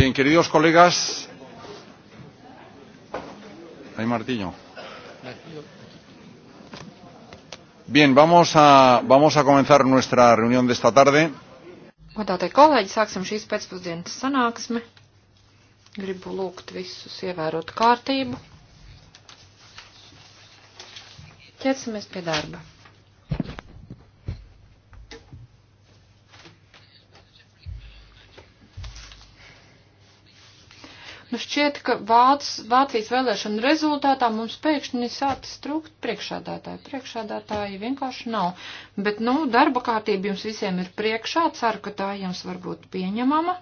Bien, queridos colegas, hay martillo. Bien, vamos a, vamos a comenzar nuestra reunión de esta tarde. Godātie kolēģi, sāksim šīs pēcpusdienas sanāksmi. Gribu lūgt visus ievērot kārtību. Ķersimies pie darba. šķiet, ka Vāc, Vācijas vēlēšana rezultātā mums pēkšņi sācis trūkt priekšādātāji. Priekšādātāji vienkārši nav. Bet, nu, darba kārtība jums visiem ir priekšā. Ceru, ka tā jums var būt pieņemama.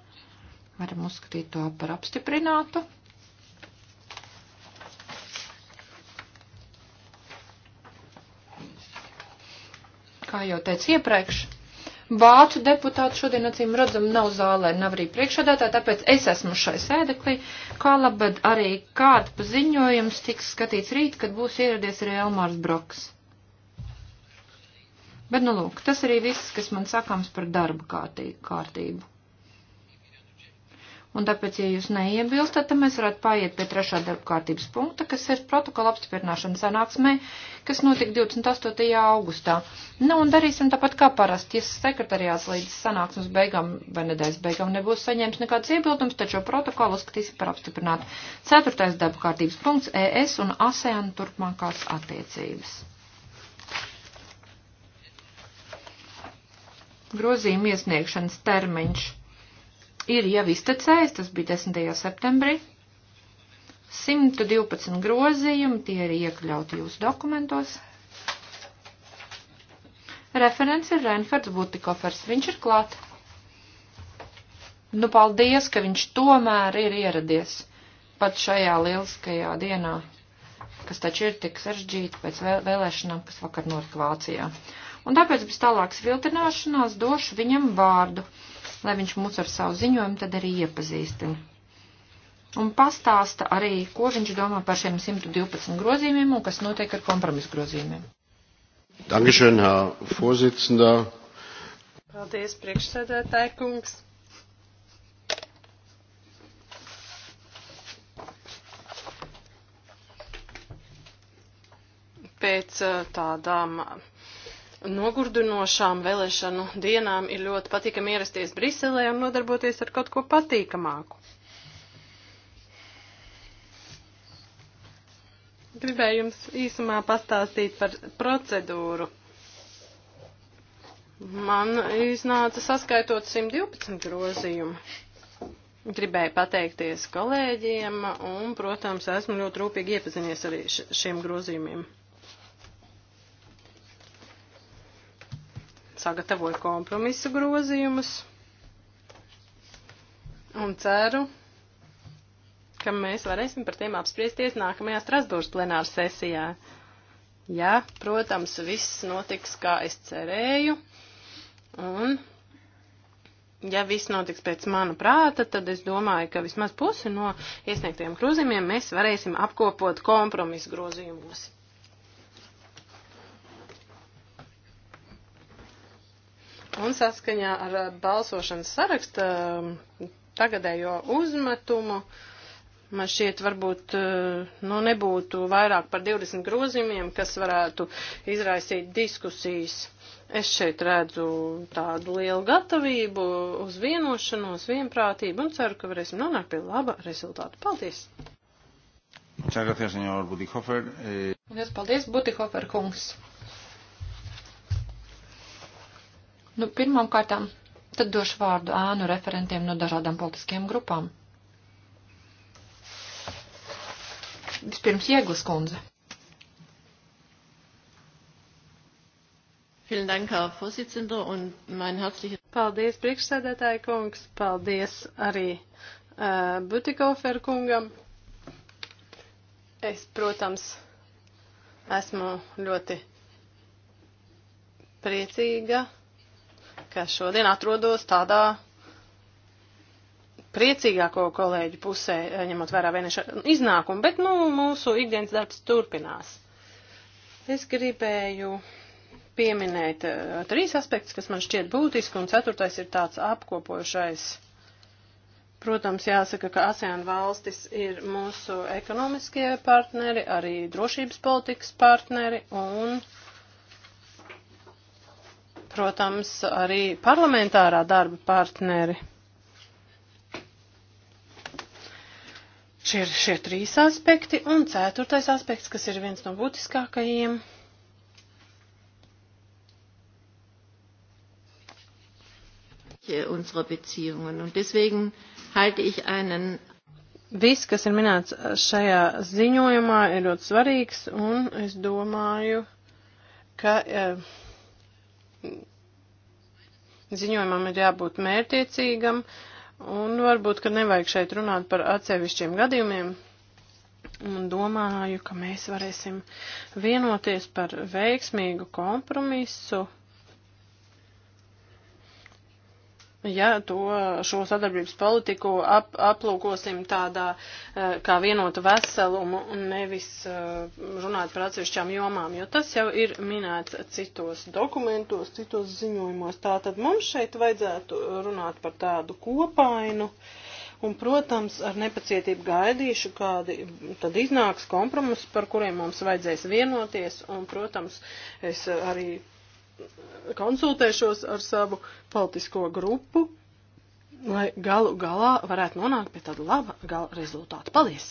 Varam uzskatīt to par apstiprinātu. Kā jau teicu iepriekš, Vācu deputāti šodien acīm redzam nav zālē, nav arī priekšādātā, tāpēc es esmu šai sēdeklī. Kā labad arī kāda paziņojums tiks skatīts rīt, kad būs ieradies arī Elmārs Broks. Bet nu lūk, tas arī viss, kas man sakāms par darba kārtību. Un tāpēc, ja jūs neiebilstat, tad mēs varētu paiet pie trešā darba kārtības punkta, kas ir protokola apstiprināšana sanāksmē, kas notika 28. augustā. Nu, un darīsim tāpat kā parasti. Ja sekretariāts līdz sanāksmes beigām vai nedēļas beigām nebūs saņēmis nekādas iebildums, tad šo protokolu uzskatīsim par apstiprinātu. Ceturtais darba kārtības punkts - ES un ASEAN turpmākās attiecības. Grozījuma iesniegšanas termiņš ir jau iztecējis, tas bija 10. septembrī. 112 grozījumi, tie ir iekļauti jūsu dokumentos. Referents ir Reinhards Butikofers, viņš ir klāt. Nu, paldies, ka viņš tomēr ir ieradies pat šajā lieliskajā dienā, kas taču ir tik saržģīta pēc vēlēšanām, kas vakar notika Vācijā. Un tāpēc bez tālākas viltināšanās došu viņam vārdu lai viņš mūs ar savu ziņojumu tad arī iepazīstina. Un pastāsta arī, ko viņš domā par šiem 112 grozījumiem un kas notiek ar kompromisu grozījumiem. Dankeschön, Herr Vorsitzender. Paldies, priekšsēdētāji kungs. Pēc uh, tādām nogurdinošām vēlēšanu dienām ir ļoti patīkami ierasties Briselē un nodarboties ar kaut ko patīkamāku. Gribēju jums īsumā pastāstīt par procedūru. Man iznāca saskaitot 112 grozījumu. Gribēju pateikties kolēģiem un, protams, esmu ļoti rūpīgi iepazinies arī šiem grozījumiem. sagatavoju kompromisu grozījumus un ceru, ka mēs varēsim par tiem apspriesties nākamajā Strasbūras plenāra sesijā. Ja, protams, viss notiks, kā es cerēju, un ja viss notiks pēc mana prāta, tad es domāju, ka vismaz pusi no iesniegtiem grozījumiem mēs varēsim apkopot kompromisu grozījumos. Un saskaņā ar eh, balsošanas saraksta eh, tagadējo uzmetumu, man šķiet, varbūt eh, nu, nebūtu vairāk par 20 grozījumiem, kas varētu izraisīt diskusijas. Es šeit redzu tādu lielu gatavību uz vienošanos, vienprātību un ceru, ka varēsim nonākt pie laba rezultāta. Paldies! Muchas gracias, señor Butihofer. Eh... Paldies, Butihofer kungs. Nu, pirmām kārtām tad došu vārdu ēnu referentiem no dažādām politiskajām grupām. Vispirms Jēglas kundze. Paldies, priekšsēdētāji kungs, paldies arī uh, Butikofer kungam. Es, protams, esmu ļoti priecīga ka šodien atrodos tādā priecīgāko kolēģu pusē, eh, ņemot vērā vienaša iznākumu, bet, nu, mūsu ikdienas darbs turpinās. Es gribēju pieminēt eh, trīs aspektus, kas man šķiet būtiski, un ceturtais ir tāds apkopošais. Protams, jāsaka, ka ASEAN valstis ir mūsu ekonomiskie partneri, arī drošības politikas partneri, un protams, arī parlamentārā darba partneri. Šie ir šie trīs aspekti, un ceturtais aspekts, kas ir viens no būtiskākajiem. unserer Beziehungen. Und deswegen halte ich einen. Viss, kas ir minēts šajā ziņojumā, ir ļoti svarīgs, un es domāju, ka. Uh, Ziņojumam ir jābūt mērtiecīgam, un varbūt, ka nevajag šeit runāt par atsevišķiem gadījumiem, un domāju, ka mēs varēsim vienoties par veiksmīgu kompromisu Ja to šo sadarbības politiku ap, aplūkosim tādā eh, kā vienotu veselumu un nevis eh, runāt par atsevišķām jomām, jo tas jau ir minēts citos dokumentos, citos ziņojumos. Tātad mums šeit vajadzētu runāt par tādu kopainu. Un, protams, ar nepacietību gaidīšu, kādi tad iznāks kompromisi, par kuriem mums vajadzēs vienoties. Un, protams, es arī konsultēšos ar savu politisko grupu, lai galu galā varētu nonākt pie tāda laba gala rezultāta. Paldies!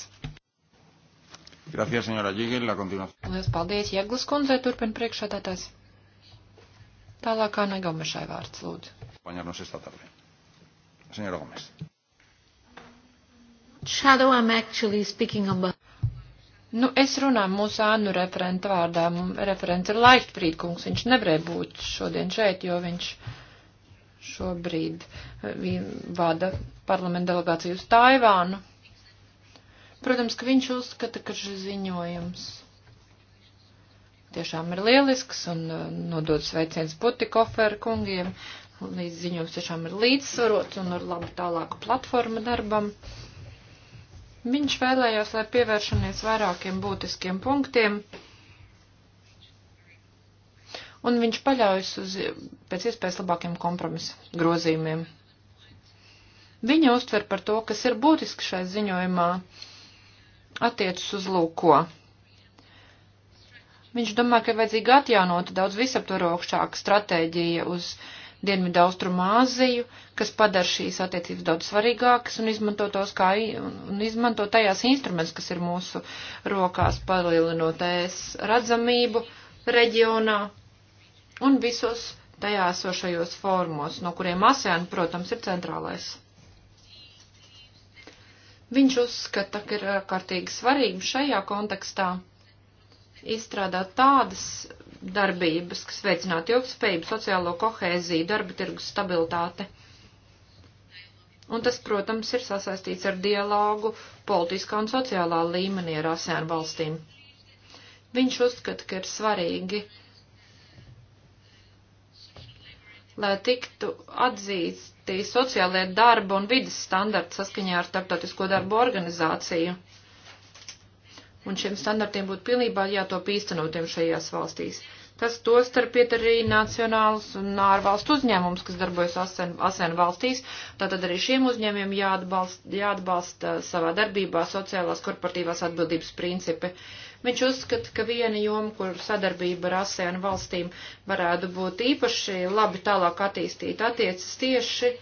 Gracias, señora Jigel. La continuación. Lielas paldies, Jēglas kundze, turpina priekšādātājs. Tālāk Anai Gomešai vārds, lūdzu. Paņērnos esta tarde. Señora Gomes. Shadow, I'm actually speaking about. Nu, es runāju mūsu ānu referenta vārdā. Referents ir Laichtfrīd kungs. Viņš nevarēja būt šodien šeit, jo viņš šobrīd eh, vada parlamenta delegāciju uz Taivānu. Protams, ka viņš uzskata, ka šis ziņojums tiešām ir lielisks un eh, nodod sveiciens Butikoferu kungiem. Līdz ziņojums tiešām ir līdzsvarots un ir laba tālāka platforma darbam. Uh, Viņš vēlējās, lai pievēršanies vairākiem būtiskiem punktiem, un viņš paļaujas uz pēc iespējas labākiem kompromisu grozījumiem. Viņa uztver par to, kas ir būtiski šai ziņojumā, attiecas uz lūko. Viņš domā, ka ir vajadzīga atjaunota daudz visaptvarošāka stratēģija uz uh, Dienvidu Austrumu Āziju, kas padara šīs attiecības daudz svarīgākas un izmanto, tos kā, un izmanto tajās instruments, kas ir mūsu rokās, palielinot ES redzamību reģionā un visos tajā esošajos formos, no kuriem ASEAN, protams, ir centrālais. Viņš uzskata, ka ir ārkārtīgi svarīgi šajā kontekstā izstrādāt tādas darbības, kas veicinātu ilgspējību, sociālo kohēziju, darba tirgus stabilitāti. Un tas, protams, ir sasaistīts ar dialogu politiskā un sociālā līmenī ar ASEAN valstīm. Viņš uzskata, ka ir svarīgi, lai tiktu atzīti sociālie darba un vidas standarti saskaņā ar Starptautisko darbu organizāciju. Un šiem standartiem būtu pilnībā jātop īstenotiem šajās valstīs. Tas to starp iet arī nacionāls un ārvalstu uzņēmums, kas darbojas ASEN, ASEN valstīs. Tātad arī šiem uzņēmiem jāatbalsta, jāatbalsta savā darbībā sociālās korporatīvās atbildības principi. Viņš uzskata, ka viena joma, kur sadarbība ar ASEN valstīm varētu būt īpaši labi tālāk attīstīta, attiecas tieši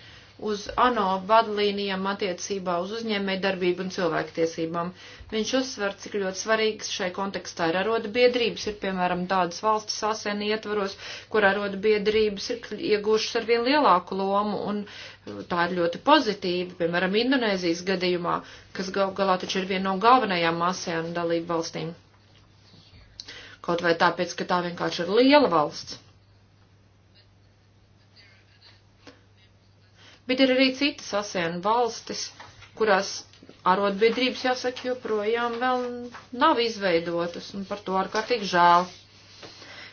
uz ANO vadlīnijām attiecībā uz uzņēmēju darbību un cilvēktiesībām. Viņš uzsver, cik ļoti svarīgs šai kontekstā ir arodabiedrības, ir piemēram tādas valstis asēni e ietvaros, kur arodabiedrības ir iegūšas ar vien lielāku lomu un uh, tā ir ļoti pozitīva, piemēram, Indonēzijas gadījumā, kas gal galā taču ir viena no galvenajām asēnu e dalību valstīm. Kaut vai tāpēc, ka tā vienkārši ir liela valsts. bet ir arī citas ASEAN valstis, kurās arotbiedrības, jāsaka, joprojām vēl nav izveidotas, un par to ārkārtīgi žēl.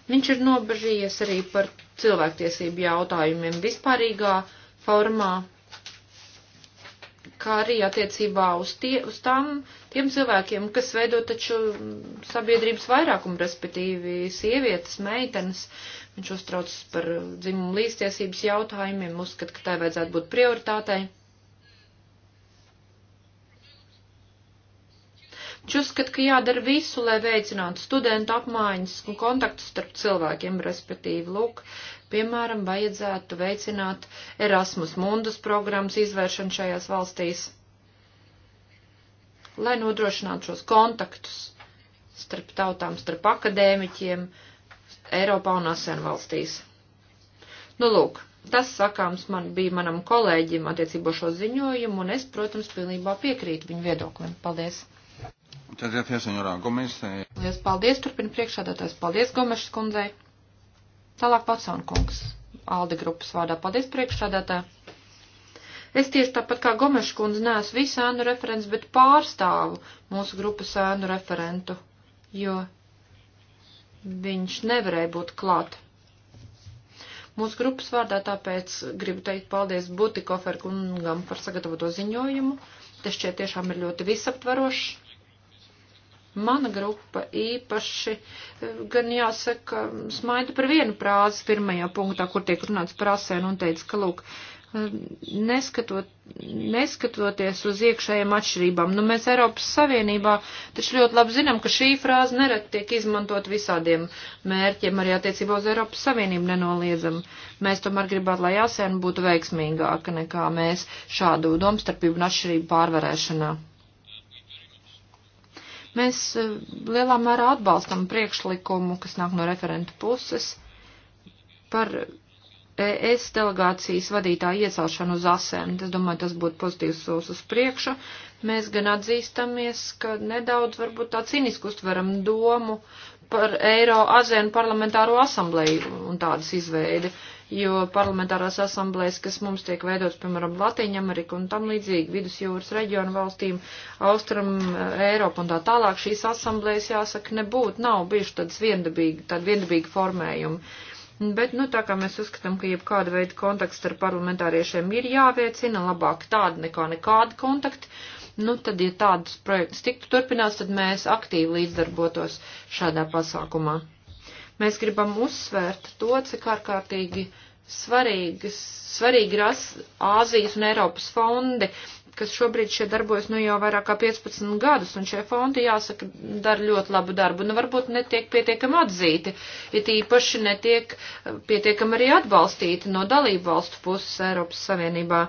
Viņš ir nobežījies arī par cilvēktiesību jautājumiem vispārīgā formā, kā arī attiecībā uz, tie, uz tām, tiem cilvēkiem, kas veido taču sabiedrības vairākumu, respektīvi sievietes, meitenes, uh, Viņš uztraucas par uh, dzimumu līdztiesības jautājumiem, uzskata, ka tai vajadzētu būt prioritātei. Viņš uzskata, ka jādara visu, lai veicinātu studentu apmaiņas un kontaktus starp cilvēkiem, respektīvi, lūk, piemēram, vajadzētu veicināt Erasmus Mundus programmas izvēršanu šajās valstīs, lai nodrošinātu šos kontaktus starp tautām, starp akadēmiķiem, uh, Eiropā un ASEN valstīs. Nu, lūk, tas sakāms man bija manam kolēģim attiecībā šo ziņojumu, un es, protams, pilnībā piekrītu viņu viedoklim. Paldies! Lielas paldies, turpina priekšādātājs. Paldies, Gomešs kundzei. Tālāk Patsona kungs. Alde grupas vārdā. Paldies, priekšādātāji. Es tieši tāpat kā Gomeša kundze neesmu visu ēnu referents, bet pārstāvu mūsu grupas ēnu referentu, jo viņš nevarēja būt klāt. Mūsu grupas vārdā tāpēc gribu teikt paldies Butikofer kungam par sagatavoto ziņojumu. Tas šķiet tiešām ir ļoti visaptvarošs. Mana grupa īpaši, gan jāsaka, smaida par vienu prāzi pirmajā punktā, kur tiek runāts par asēnu un teica, ka, lūk, uh, Ehm, neskatot, neskatoties uz iekšējiem atšķirībām. Nu, mēs Eiropas Savienībā taču ļoti labi zinām, ka šī frāze nerad tiek izmantot visādiem mērķiem, arī attiecībā uz Eiropas Savienību nenoliedzam. Mēs tomēr gribētu, lai ASEAN būtu veiksmīgāka nekā mēs šādu domstarpību un atšķirību pārvarēšanā. Mēs ehm, lielā mērā atbalstam priekšlikumu, kas nāk no referenta puses par ES delegācijas vadītāja iecelšanu uz ASEM. Es domāju, tas būtu pozitīvs solis uz priekšu. Mēs gan atzīstamies, ka nedaudz varbūt tā ciniski uztveram domu par Eiro ASEAN parlamentāro asambleju un tādas izveidi, jo parlamentārās asamblēs, kas mums tiek veidots, piemēram, Latīņamerika un tam līdzīgi vidusjūras reģionu valstīm, Austram, e, Eiropa un tā tālāk, šīs asamblēs, jāsaka, nebūtu, nav bijuši tāds viendabīgi, tāda viendabīga formējuma Bet, nu, tā kā mēs uzskatām, ka jebkāda veida kontakts ar parlamentāriešiem ir jāveicina, labāk tāda nekā nekāda kontakta, nu, tad, ja tādas projekts tiktu turpināts, tad mēs aktīvi līdzdarbotos šādā pasākumā. Mēs gribam uzsvērt to, cik ārkārtīgi. Kā svarīgas, svarīgi ir Āzijas un Eiropas fondi, kas šobrīd šeit darbojas nu jau vairāk kā 15 gadus, un šie fondi, jāsaka, dara ļoti labu darbu, nu varbūt netiek pietiekami atzīti, ja tīpaši netiek eh, pietiekami arī atbalstīti no dalību valstu puses Eiropas Savienībā.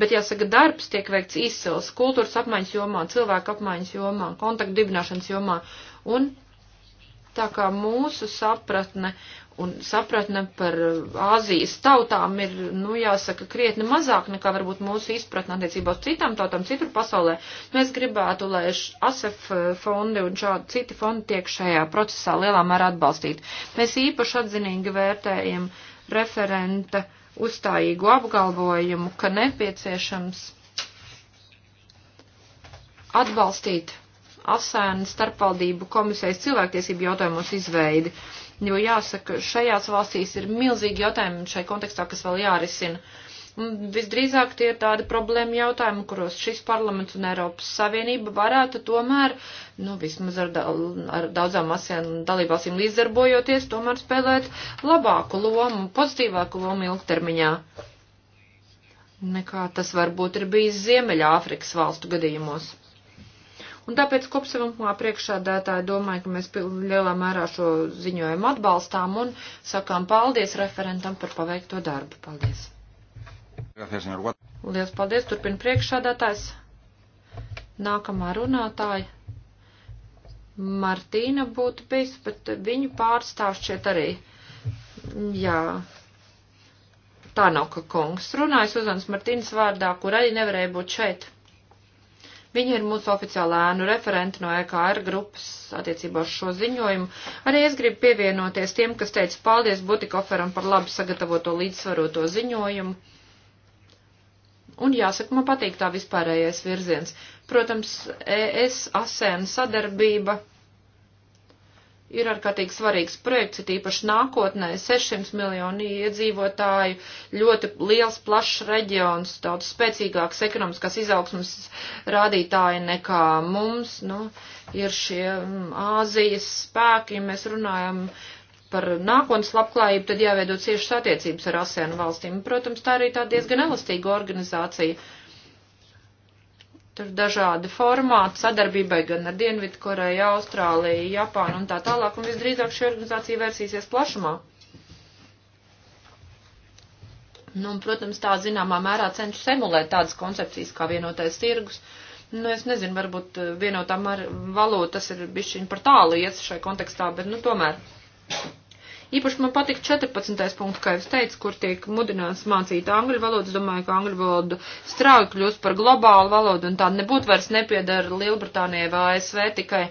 Bet, jāsaka, darbs tiek veikts izcils kultūras apmaiņas jomā, cilvēku apmaiņas jomā, kontaktu dibināšanas jomā, un tā kā mūsu sapratne un sapratne par uh, Āzijas tautām ir, nu, jāsaka, krietni mazāk nekā varbūt mūsu izpratne attiecībā uz citām tautām citur pasaulē. Mēs gribētu, lai ASEF uh, fondi un šādi citi fondi tiek šajā procesā lielā mērā atbalstīti. Mēs īpaši atzinīgi vērtējam referenta uzstājīgu apgalvojumu, ka nepieciešams atbalstīt ASEAN starpvaldību komisijas cilvēktiesību jautājumos izveidi jo jāsaka, šajās valstīs ir milzīgi jautājumi šai kontekstā, kas vēl jārisina. Un visdrīzāk tie ir tādi problēma jautājumi, kuros šis parlaments un Eiropas Savienība varētu tomēr, nu, vismaz ar, da ar daudzām ASEAN dalībvalstīm līdzdarbojoties, tomēr spēlēt labāku lomu, pozitīvāku lomu ilgtermiņā. Nekā tas varbūt ir bijis Ziemeļāfrikas valstu gadījumos. Un tāpēc kopsavilkumā priekšādātāji domāju, ka mēs lielā mērā šo ziņojumu atbalstām un sakām paldies referentam par paveikto darbu. Paldies! Lielas paldies! Turpin priekšādātājs. Nākamā runātāja. Martīna būtu bijis, bet viņu pārstāvs šeit arī. Jā. Tanoka kungs runāja Suzanas Martīnas vārdā, kur arī nevarēja būt šeit. Viņa ir mūsu oficiālā ēnu referenta no EKR grupas attiecībā uz šo ziņojumu. Arī es gribu pievienoties tiem, kas teica paldies Butikoferam par labi sagatavoto līdzsvaroto ziņojumu. Un jāsaka, man patīk tā vispārējais virziens. Protams, ES asēna e sadarbība ir ārkārtīgi svarīgs projekts, ir īpaši nākotnē 600 miljoni iedzīvotāju, ļoti liels, plašs reģions, daudz spēcīgāks ekonomiskās izaugsmas rādītāji nekā mums, nu, ir šie mm, Āzijas spēki, ja mēs runājam par nākotnes labklājību, tad jāveido ciešas attiecības ar ASEAN valstīm. Protams, tā arī tā diezgan elastīga organizācija Tur dažādi formāti sadarbībai gan ar Dienvidu Koreju, Austrāliju, Japānu un tā tālāk, un visdrīzāk šī organizācija vērsīsies plašumā. Nu, un, protams, tā zināmā mērā cenšas emulēt tādas koncepcijas kā vienotais tirgus. Nu, es nezinu, varbūt eh, vienotā valūta tas ir bišķiņ par tālu iet šai kontekstā, bet, nu, tomēr. Īpaši man patika 14. punkts, kā jau es teicu, kur tiek mudināts mācīt angļu valodu. Es domāju, ka angļu valodu strauji kļūst par globālu valodu un tā nebūtu vairs nepiedara Lielbritānijai vai ASV tikai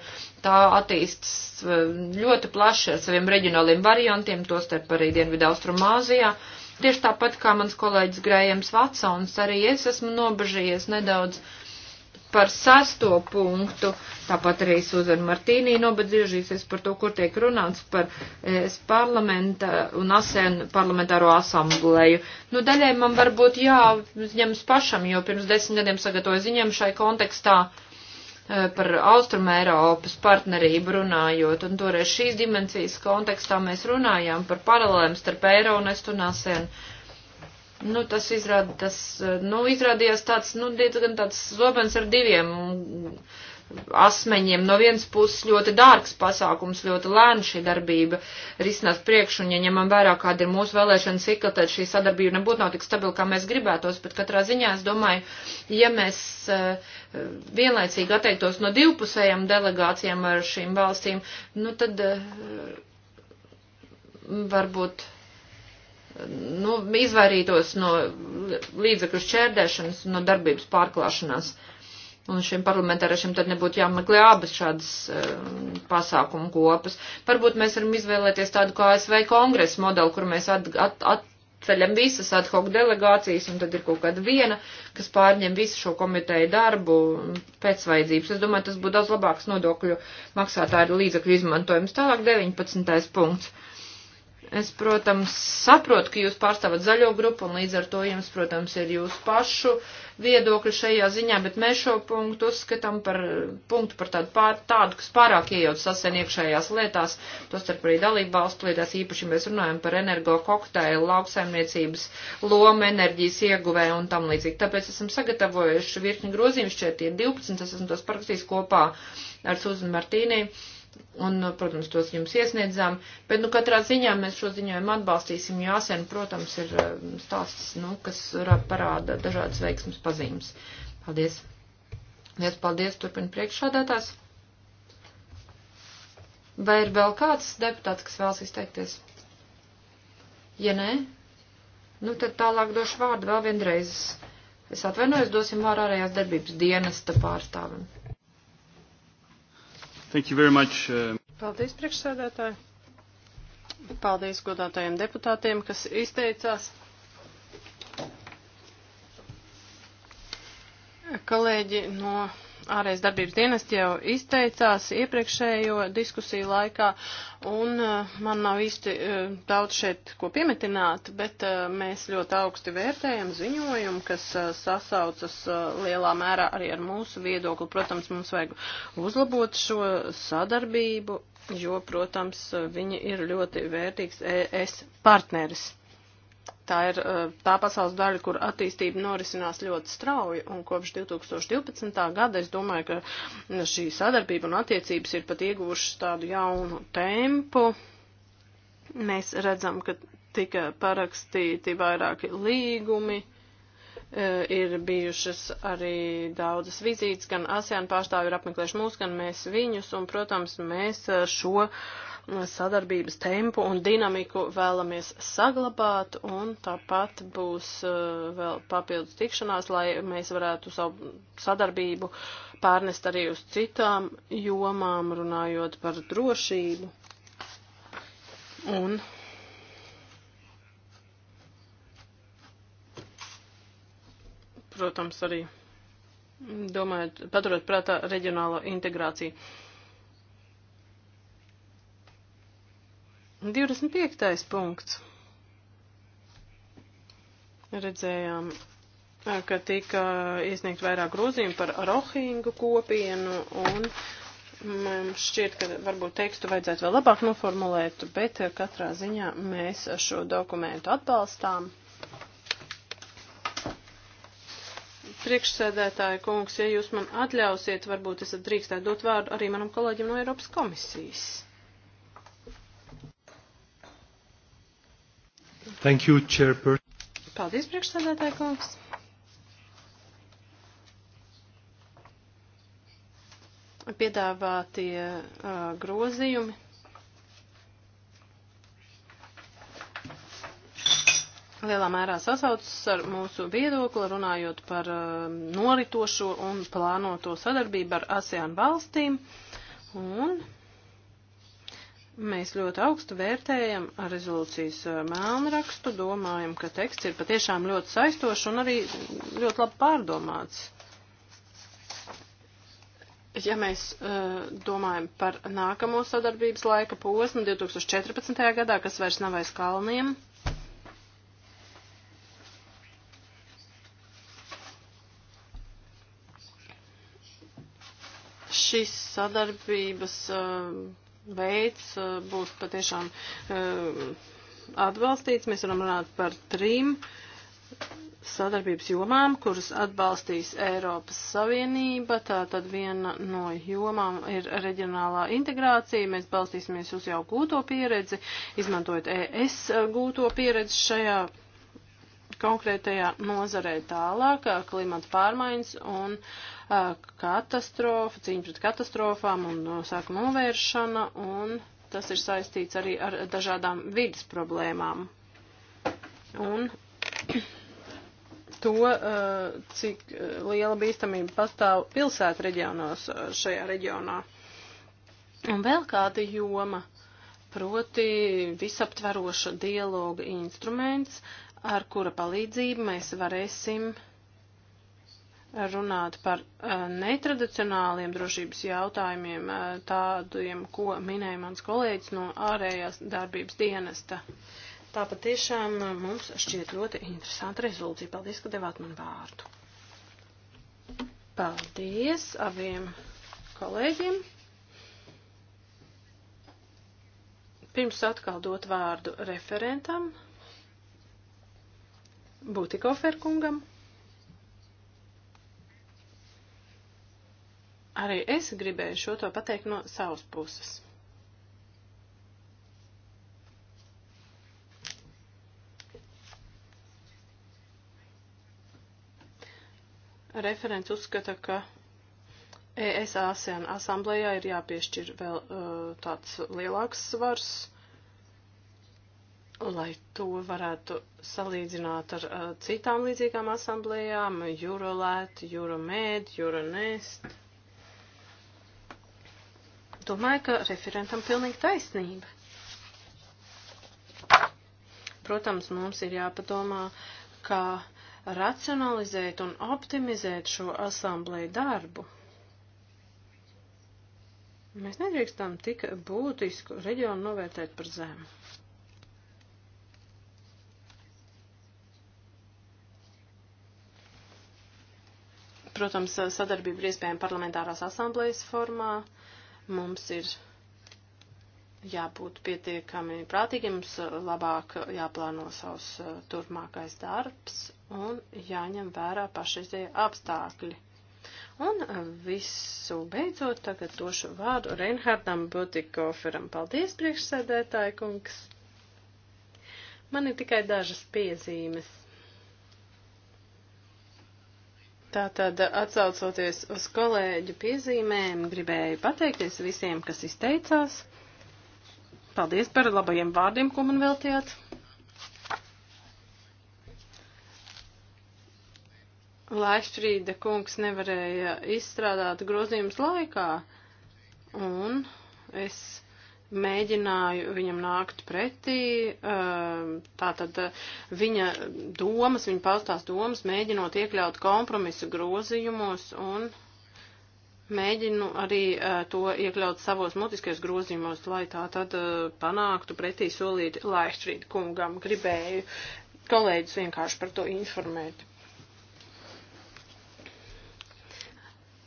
tā attīsts e, ļoti plaši ar saviem reģionāliem variantiem, tostarp arī Dienvidaustrumāzijā. Tieši tāpat kā mans kolēģis Grējams Vatsons, arī es esmu nobežījies nedaudz par sesto punktu, tāpat arī Suzana Martīnī nobadzījušies par to, kur tiek runāts par es parlamenta un asēnu parlamentāro asamblēju. Nu, daļai man varbūt jāuzņems pašam, jo pirms desmit gadiem sagatavoju ziņam šai kontekstā e, par Austrum Eiropas partnerību runājot, un toreiz šīs dimensijas kontekstā mēs runājām par paralēm starp Eironestu un asēnu Nu, tas, izrāda, tas eh, nu, izrādījās tāds, nu, diezgan tāds zobens ar diviem mm, asmeņiem. No vienas puses ļoti dārgs pasākums, ļoti lēna šī darbība risinās priekšu, un ja ņemam vērā, kāda ir mūsu vēlēšana cikla, tad šī sadarbība nebūtu nav tik stabila, kā mēs gribētos, bet katrā ziņā es domāju, ja mēs eh, vienlaicīgi atteiktos no divpusējām delegācijām ar šīm valstīm, nu tad eh, varbūt nu, izvairītos no līdzekļu šķērdēšanas un no darbības pārklāšanās. Un šiem parlamentāriešiem tad nebūtu jāmeklē abas šādas uh, pasākumu kopas. Varbūt mēs varam izvēlēties tādu kā ASV kongresa modeli, kur mēs at, at, atceļam visas ad hoc delegācijas, un tad ir kaut kāda viena, kas pārņem visu šo komiteju darbu pēc vajadzības. Es domāju, tas būtu daudz labāks nodokļu maksātāju līdzakļu izmantojums. Tālāk 19. punkts Es, protams, saprotu, ka jūs pārstāvat zaļo grupu un līdz ar to jums, protams, ir jūsu pašu viedokļi šajā ziņā, bet mēs šo punktu uzskatām par punktu par tādu, pār, tādu kas pārāk iejauc sasen iekšējās lietās, to starp arī dalību valstu lietās, īpaši mēs runājam par energo kokteilu, lauksaimniecības lomu, enerģijas ieguvē un tam līdzīgi. Tāpēc esam sagatavojuši virkni grozījumus šeit, tie 12, es esmu tos parakstījis kopā ar Suzanu Martīniju Un, protams, tos jums iesniedzām, bet, nu, katrā ziņā mēs šo ziņojumu atbalstīsim, jo ASEN, protams, ir um, stāsts, nu, kas parāda dažādas veiksmas pazīmes. Paldies! Liels paldies, turpina priekšādātās. Vai ir vēl kāds deputāts, kas vēlas izteikties? Ja nē, nu tad tālāk došu vārdu vēl vienreiz. Es atvainojos, dosim vārā ārējās darbības dienesta pārstāvim. Thank you very much. Uh, Paldies, priekšsēdētāji. Paldies godātajiem deputātiem, kas izteicās. Kolēģi no ārējas darbības dienesti jau izteicās iepriekšējo diskusiju laikā, un uh, man nav īsti uh, daudz šeit ko piemetināt, bet uh, mēs ļoti augsti vērtējam ziņojumu, kas sasaucas lielā mērā arī ar mūsu viedokli. Protams, mums vajag uzlabot šo sadarbību, jo, protams, viņi ir ļoti vērtīgs ES partneris. Tā ir e, tā pasaules daļa, kur attīstība norisinās ļoti strauji, un kopš 2012. gada es domāju, ka šī sadarbība un attiecības ir pat ieguvušas tādu jaunu tempu. Mēs redzam, ka tika parakstīti vairāki līgumi e, ir bijušas arī daudzas vizītes, gan ASEAN pārstāvi ir apmeklējuši mūs, gan mēs viņus, un, protams, mēs šo uh, sadarbības tempu un dinamiku vēlamies saglabāt, un tāpat būs uh, vēl papildus tikšanās, lai mēs varētu savu sadarbību pārnest arī uz citām jomām, runājot par drošību. Un protams, arī domājot, paturot prātā reģionālo integrāciju. 25. punkts. Redzējām, ka tika iesniegt vairāk grozījumu par rohingu kopienu un mums šķiet, ka varbūt tekstu vajadzētu vēl labāk noformulēt, bet katrā ziņā mēs šo dokumentu atbalstām. Priekšsēdētāja kungs, ja jūs man atļausiet, varbūt es drīkstētu dot vārdu arī manam kolēģim no Eiropas komisijas. Thank you, Chairperson. Paldies, priekšsēdētāja kungs. Piedāvātie uh, grozījumi. lielā mērā sasaucas ar mūsu viedokli, runājot par noritošo un plānoto sadarbību ar ASEAN valstīm. Un Mēs ļoti augstu vērtējam rezolūcijas eh, mēlnrakstu, domājam, ka teksts ir patiešām ļoti saistošs un arī ļoti labi pārdomāts. Ja mēs uh, domājam par nākamo sadarbības laika posmu 2014. gadā, kas vairs nav aiz kalniem, šis sadarbības. Uh, veids uh, būs patiešām uh, atbalstīts. Mēs varam runāt par trim sadarbības jomām, kuras atbalstīs Eiropas Savienība. Tātad viena no jomām ir reģionālā integrācija. Mēs balstīsimies uz jau gūto pieredzi, izmantojot ES gūto pieredzi šajā konkrētajā nozarē tālāk, klimata pārmaiņas un katastrofa, cīņa pret katastrofām un sāku novēršana, un tas ir saistīts arī ar dažādām vidas problēmām. Un to, cik liela bīstamība pastāv pilsētu reģionos šajā reģionā. Un vēl kāda joma proti visaptveroša dialoga instruments, ar kura palīdzību mēs varēsim runāt par netradicionāliem drošības jautājumiem, tādiem, ko minēja mans kolēģis no ārējās darbības dienesta. Tā patiešām mums šķiet ļoti interesanta rezolūcija. Paldies, ka devāt man vārdu. Paldies abiem kolēģiem. Pirms atkal dot vārdu referentam. Būtikofer kungam. Arī es gribēju šo to pateikt no savas puses. referents uzskata, ka ES ASEAN asamblējā ir jāpiešķir vēl uh, tāds lielāks svars lai to varētu salīdzināt ar uh, citām līdzīgām asamblējām, Eurolēt, Euromed, Euronest. Domāju, ka referentam pilnīgi taisnība. Protams, mums ir jāpadomā, kā racionalizēt un optimizēt šo asamblēju darbu. Mēs nedrīkstam tik būtisku reģionu novērtēt par zemu. Protams, sadarbība ir iespējama parlamentārās asamblējas formā. Mums ir jābūt pietiekami prātīgiem, mums labāk jāplāno savs eh, turpmākais darbs un jāņem vērā pašreizie apstākļi. Un eh, visu beidzot tagad došu vārdu Reinhardam Butikoferam. Paldies, priekšsēdētāji kungs! Man ir tikai dažas piezīmes. Tātad, atsaucoties uz kolēģu piezīmēm, gribēju pateikties visiem, kas izteicās. Paldies par labajiem vārdiem, ko man veltījāt. Laišķrīda kungs nevarēja izstrādāt grozījumus laikā, un es mēģināju viņam nākt pretī, ehm, tātad eh, viņa domas, viņa paustās domas, mēģinot iekļaut kompromisu grozījumos un mēģinu arī eh, to iekļaut savos mutiskajos grozījumos, lai tā tad eh, panāktu pretī solīt Laišķrīt kungam. Gribēju kolēģis vienkārši par to informēt.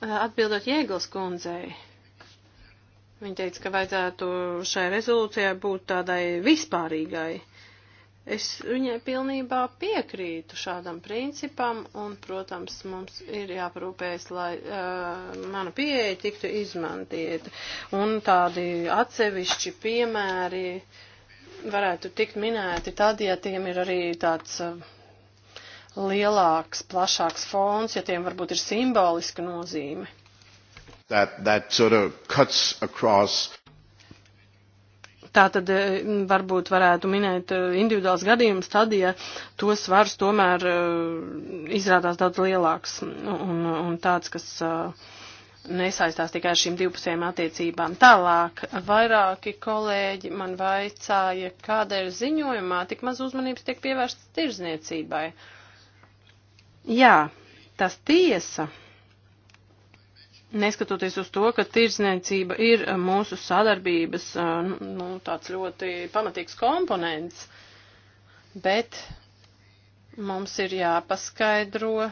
Atbildot Jēglas kundzei Viņa teica, ka vajadzētu šai rezolūcijai būt tādai vispārīgai. Es viņai pilnībā piekrītu šādam principam, un, protams, mums ir jāparūpējas, lai uh, mana pieeja tiktu izmantieta. Un tādi atsevišķi piemēri varētu tikt minēti tad, ja tiem ir arī tāds uh, lielāks, plašāks fons, ja tiem varbūt ir simboliska nozīme that, that sort of cuts across Tā tad mm, varbūt varētu minēt eh, individuāls gadījums tad, ja to svars tomēr eh, izrādās daudz lielāks un, un tāds, kas eh, nesaistās tikai ar šīm divpusējām attiecībām. Tālāk vairāki kolēģi man vaicāja, kādēļ ziņojumā tik maz uzmanības tiek pievērsts tirzniecībai. Jā, tas tiesa neskatoties uz to, ka tirzniecība ir eh, mūsu sadarbības eh, nu, tāds ļoti pamatīgs komponents, bet mums ir jāpaskaidro.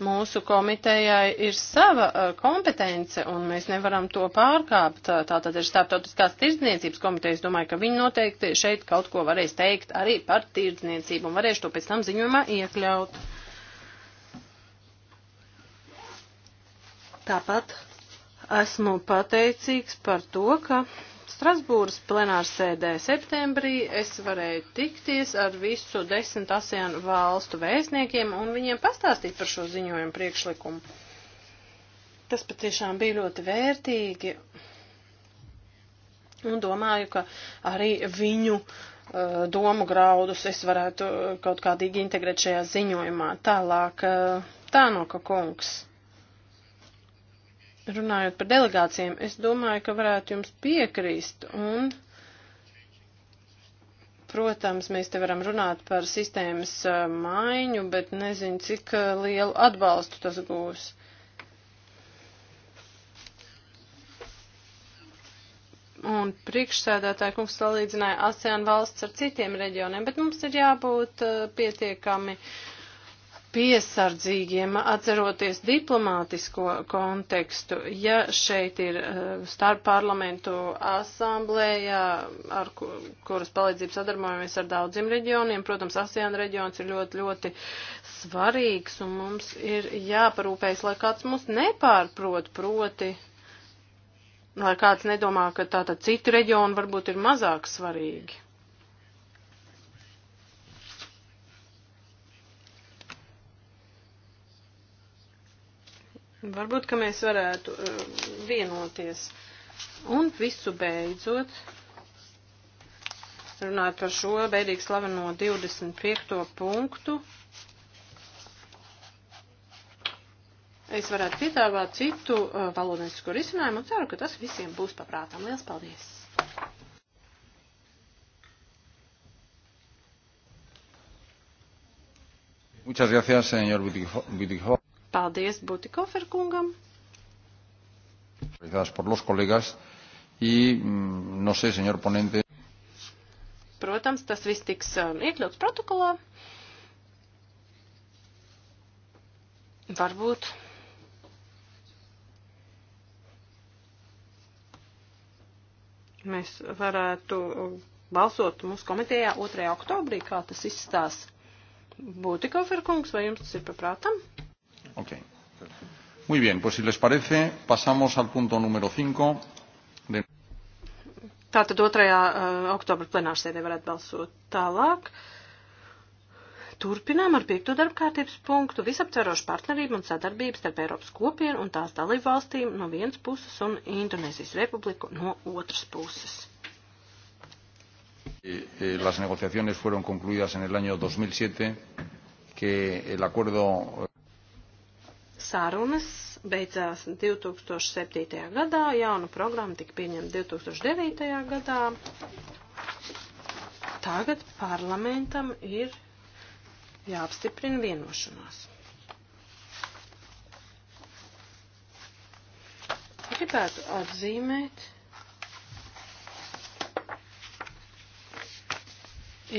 Mūsu komitejai ir sava eh, kompetence, un mēs nevaram to pārkāpt. Tā tad ir starptautiskās tirdzniecības komiteja. Es domāju, ka viņi noteikti šeit kaut ko varēs teikt arī par tirdzniecību, un varēšu to pēc tam ziņojumā iekļaut. Tāpat esmu pateicīgs par to, ka Strasbūras plenārsēdē septembrī es varēju tikties ar visu desmit ASEAN valstu vēstniekiem un viņiem pastāstīt par šo ziņojumu priekšlikumu. Tas patiešām bija ļoti vērtīgi un domāju, ka arī viņu uh, domu graudus es varētu eh, kaut kādīgi integrēt šajā ziņojumā. Tālāk, uh, Tānoka kungs. Runājot par delegācijām, es domāju, ka varētu jums piekrīst un protams, mēs te varam runāt par sistēmas maiņu, bet nezinu, cik lielu atbalstu tas gūs. Un priekšsēdētāja kungs salīdzināja ASEAN valsts ar citiem reģioniem, bet mums ir jābūt pietiekami uh, piesardzīgiem, atceroties diplomātisko kontekstu, ja šeit ir eh, starp parlamentu asamblējā, ar kuras palīdzību sadarbojamies ar daudziem reģioniem, protams, ASEAN reģions ir ļoti, ļoti svarīgs, un mums ir jāparūpējas, lai kāds mūs nepārprot, proti, lai kāds nedomā, ka tātad citu reģionu varbūt ir mazāk svarīgi. Varbūt, ka mēs varētu uh, vienoties. Un visu beidzot, runāt par šo beidīgi slaveno 25. punktu, es varētu piedāvāt citu uh, eh, valodniecisku risinājumu un ceru, ka tas visiem būs paprātām. Lielas paldies! Muchas gracias, señor Butijo. Paldies Butikofer kungam. Mm, Protams, tas viss tiks um, iekļauts protokolā. Varbūt mēs varētu balsot mūsu komitejā 2. oktobrī, kā tas izstās. Būtikofer kungs, vai jums tas ir paprātam? Ok. Muy bien, pues si les parece, pasamos al punto número 5. De... Tātad 2. Uh, eh, oktobra plenārsēdē varētu balsot tālāk. Turpinām ar piekto darba kārtības punktu visaptverošu partnerību un sadarbību starp Eiropas kopienu un tās dalību valstīm no vienas puses un Indonēzijas republiku no otras puses. Eh, eh, las negociaciones fueron concluidas en el año 2007, que el acuerdo sarunas beidzās 2007. gadā, jauna programma tika pieņemta 2009. gadā. Tagad parlamentam ir jāapstiprina vienošanās. Gribētu atzīmēt,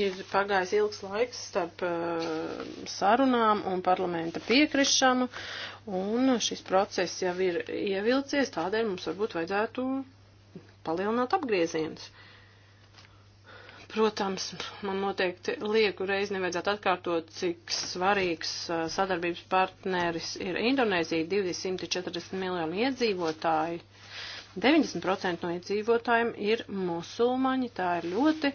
Ir pagājis ilgs laiks starp uh, sarunām un parlamenta piekrišanu, Un šis process jau ir ievilcies, tādēļ mums varbūt vajadzētu palielināt apgriezienus. Protams, man noteikti lieku reizi nevajadzētu atkārtot, cik svarīgs sadarbības partneris ir Indonēzija - 240 miljonu iedzīvotāji. 90% no iedzīvotājiem ir musulmaņi, tā ir ļoti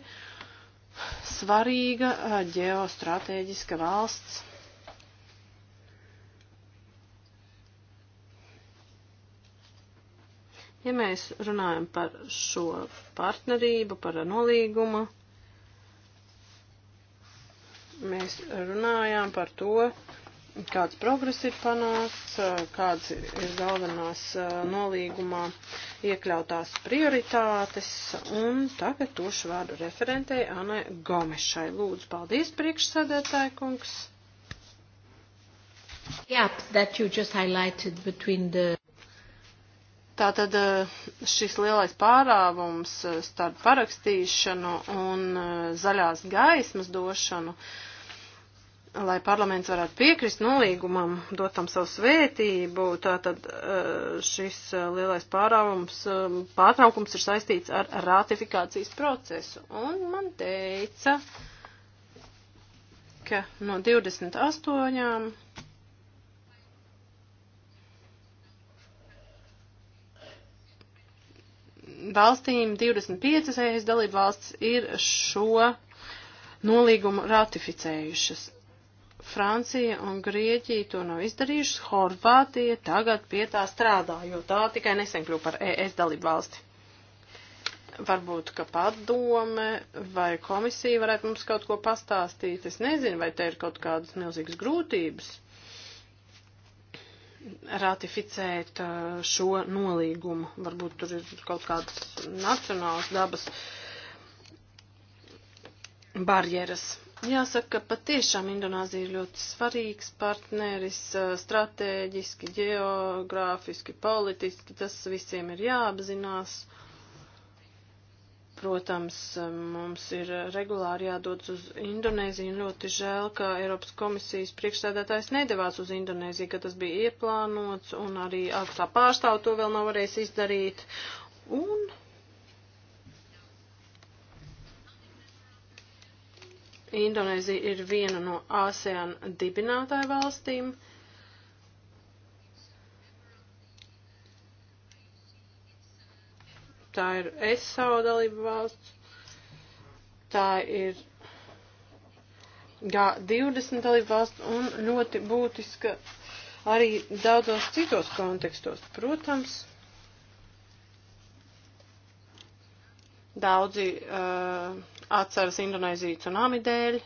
svarīga ģeostrateģiska valsts. Ja mēs runājam par šo partnerību, par nolīgumu, mēs runājām par to, kāds progress ir panākts, kāds ir galvenās eh, nolīgumā iekļautās prioritātes, un tagad došu vārdu referentei Anai Gomešai. Lūdzu, paldies, priekšsēdētāji kungs. Gap that you just highlighted between the Tātad eh, šis lielais pārāvums eh, starp parakstīšanu un eh, zaļās gaismas došanu, lai parlaments varētu piekrist nolīgumam, dotam savu svētību, tātad šis lielais pārāvums, pārtraukums ir saistīts ar ratifikācijas procesu. Un man teica, ka no 28 valstīm 25 ES dalību valsts ir šo nolīgumu ratificējušas. Francija un Grieķija to nav izdarījušas, Horvātija tagad pie tā strādā, jo tā tikai nesen kļūpa par ES dalību valsti. Varbūt, ka padome vai komisija varētu mums kaut ko pastāstīt. Es nezinu, vai te ir kaut kādas milzīgas grūtības ratificēt uh, šo nolīgumu. Varbūt tur ir kaut kādas nacionālas dabas barjeras. Jāsaka, ka patiešām Indonāzija ir ļoti svarīgs partneris, uh, stratēģiski, geogrāfiski, politiski, tas visiem ir jāapzinās. Protams, mums ir regulāri jādodas uz Indonēziju, un ļoti žēl, ka Eiropas komisijas priekšstādātājs nedavās uz Indonēziju, ka tas bija ieplānots, un arī augstā pārstāv to vēl nav varējis izdarīt. Un Indonēzija ir viena no ASEAN dibinātāju valstīm. tā ir SAO dalība valsts, tā ir G20 dalība valsts un ļoti būtiska arī daudzos citos kontekstos. Protams, daudzi uh, atceras Indonēziju tsunami dēļ.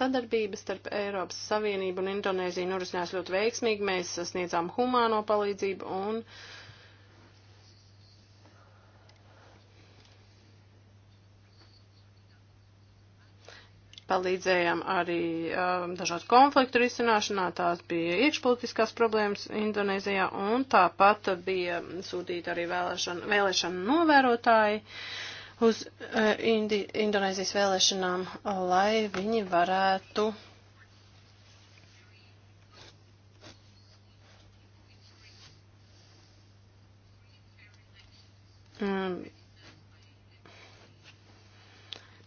Sadarbība starp Eiropas Savienību un Indonēziju norisinās ļoti veiksmīgi. Mēs sniedzām humāno palīdzību un uh, palīdzējām arī um, dažādu konfliktu risināšanā, tās bija iekšpolitiskās problēmas Indonēzijā, un tāpat bija sūtīti arī vēlēšana, vēlēšana novērotāji uz uh, Indi, Indonēzijas vēlēšanām, lai viņi varētu. Um,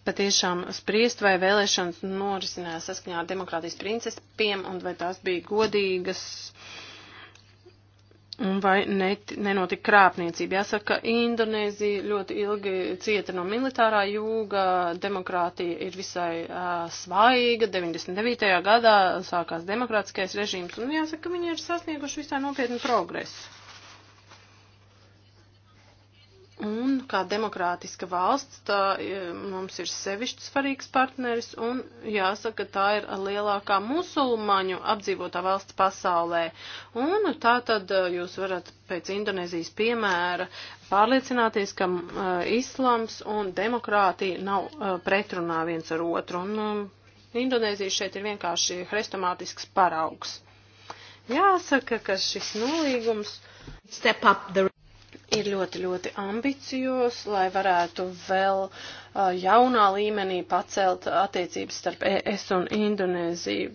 patiešām spriest, vai vēlēšanas norisinājās saskaņā ar demokrātijas principiem un vai tās bija godīgas. Vai net, nenotika krāpniecība? Jāsaka, Indonēzija ļoti ilgi cieta no militārā jūga, demokrātija ir visai uh, svaiga, 99. gadā sākās demokrātiskais režīms, un jāsaka, viņi ir sasnieguši visai nopietnu progresu. Un kā demokrātiska valsts, tā e, mums ir sevišķi svarīgs partneris, un jāsaka, tā ir lielākā musulmaņu apdzīvotā valsts pasaulē. Un tā tad e, jūs varat pēc Indonēzijas piemēra pārliecināties, ka uh, islams un demokrātija nav uh, pretrunā viens ar otru. Un um, Indonēzija šeit ir vienkārši hrestomātisks paraugs. Jāsaka, ka šis nolīgums. Step up the ir ļoti, ļoti ambicios, lai varētu vēl uh, jaunā līmenī pacelt attiecības starp e- ES un Indonēziju.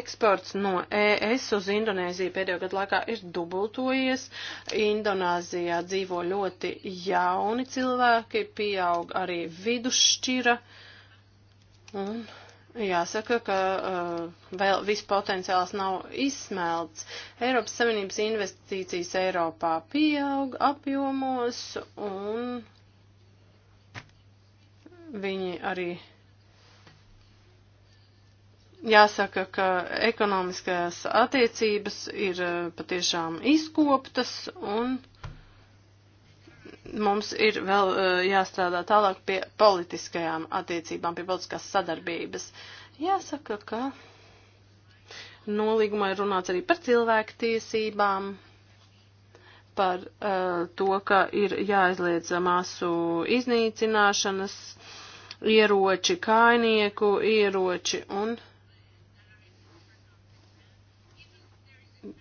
Eksports no e- ES uz Indonēziju pēdējo gadu laikā ir dubultojies. Indonēzijā dzīvo ļoti jauni cilvēki, pieaug arī vidusšķira un Jāsaka, ka uh, vēl viss potenciāls nav izsmelts. Eiropas Savienības investīcijas Eiropā pieaug apjomos un viņi arī jāsaka, ka ekonomiskās attiecības ir uh, patiešām izkoptas un mums ir vēl uh, jāstrādā tālāk pie politiskajām attiecībām, pie politiskās sadarbības. Jāsaka, ka nolīgumā ir runāts arī par cilvēktiesībām, par uh, to, ka ir jāizliedz masu iznīcināšanas ieroči, kainieku ieroči un.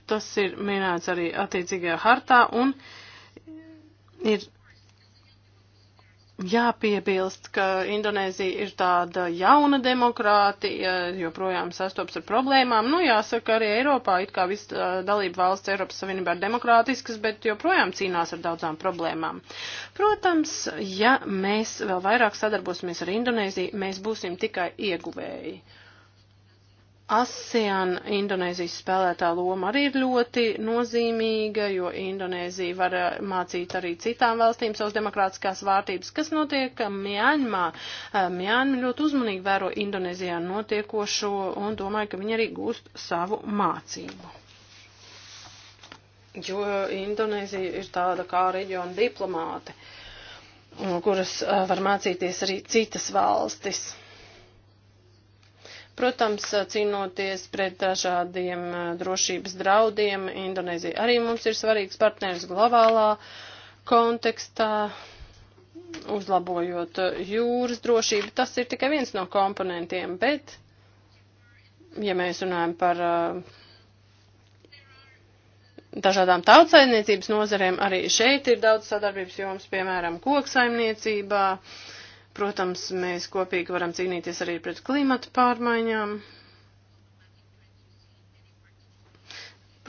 Tas ir minēts arī attiecīgajā hartā un ir Jāpiebilst, ka Indonēzija ir tāda jauna demokrātija, joprojām sastops ar problēmām. Nu, jāsaka, arī Eiropā it kā viss dalība valsts Eiropas Savienībā ir demokrātiskas, bet joprojām cīnās ar daudzām problēmām. Protams, ja mēs vēl vairāk sadarbosimies ar Indonēziju, mēs būsim tikai ieguvēji. Uh, ASEAN Indonēzijas spēlētā loma arī ir ļoti nozīmīga, jo Indonēzija var eh, mācīt arī citām valstīm savas demokrātiskās vārtības. Kas notiek Mjāņmā? Eh, Mjāņma ļoti uzmanīgi vēro Indonēzijā notiekošo un domāju, ka viņi arī gūst savu mācību. Jo Indonēzija ir tāda kā reģiona diplomāte, kuras eh, var mācīties arī citas valstis. Protams, cīnoties pret dažādiem drošības draudiem, Indonēzija arī mums ir svarīgs partners globālā kontekstā, uzlabojot jūras drošību. Tas ir tikai viens no komponentiem, bet, ja mēs runājam par dažādām tautsaimniecības nozarēm, arī šeit ir daudz sadarbības joms, piemēram, koksaimniecībā. Uh, Protams, mēs kopīgi varam cīnīties arī pret klimatu pārmaiņām.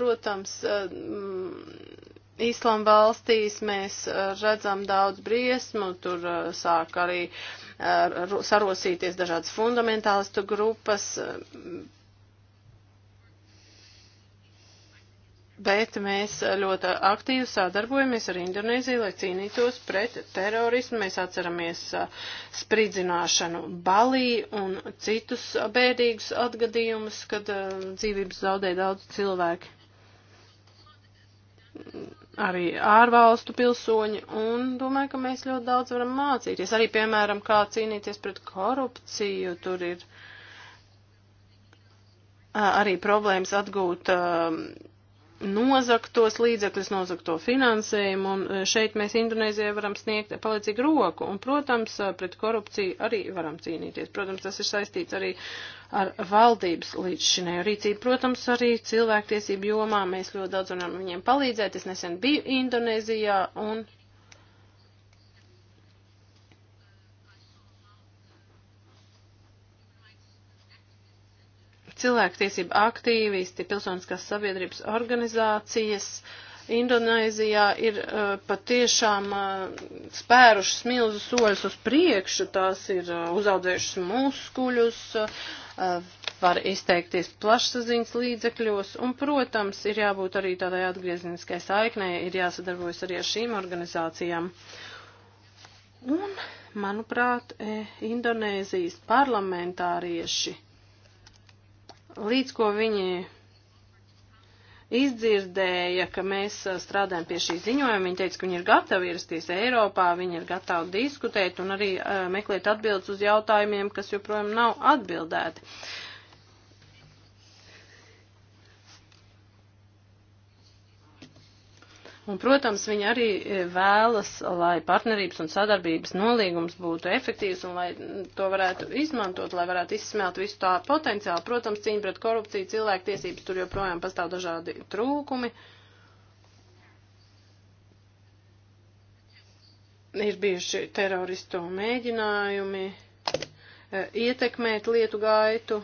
Protams, Īslam eh, mm, valstīs mēs eh, redzam daudz briesmu, tur eh, sāk arī sarosīties dažādas fundamentālistu grupas, bet mēs ļoti aktīvi sadarbojamies ar Indonēziju, lai cīnītos pret terorismu. Mēs atceramies spridzināšanu Balī un citus bēdīgus atgadījumus, kad dzīvības zaudē daudz cilvēki. Arī ārvalstu pilsoņi, un domāju, ka mēs ļoti daudz varam mācīties. Arī, piemēram, kā cīnīties pret korupciju, tur ir arī problēmas atgūt uh, nozaktos līdzekļus, nozakto finansējumu, un e, šeit mēs Indonēzijai varam sniegt palīdzīgu roku, un, protams, e, pret korupciju arī varam cīnīties. Protams, tas ir saistīts arī ar valdības līdzšinēju rīcību. Protams, arī cilvēktiesību jomā mēs ļoti daudz varam viņiem palīdzēt. Es nesen biju Indonēzijā, un cilvēktiesība aktīvisti, pilsoniskās sabiedrības organizācijas. Indonēzijā ir uh, patiešām uh, eh, spērušas milzu soļus uz priekšu, tās ir uh, uzaudzējušas muskuļus, uh, var izteikties plašsaziņas līdzekļos, un, protams, ir jābūt arī tādai atgrieziniskai saiknē, ir jāsadarbojas arī ar šīm organizācijām. Un, manuprāt, Indonēzijas parlamentārieši līdz ko viņi izdzirdēja, ka mēs uh, strādājam pie šī ziņojuma, viņi teica, ka viņi ir gatavi ierasties Eiropā, viņi ir gatavi diskutēt un arī uh, meklēt atbildes uz jautājumiem, kas joprojām nav atbildēti. Un, protams, viņi arī e, vēlas, lai partnerības un sadarbības nolīgums būtu efektīvs un lai mm, to varētu izmantot, lai varētu izsmelt visu tā potenciālu. Protams, cīņa pret korupciju, cilvēktiesības, tur joprojām pastāv dažādi trūkumi. Ir bijuši teroristu mēģinājumi e, ietekmēt lietu gaitu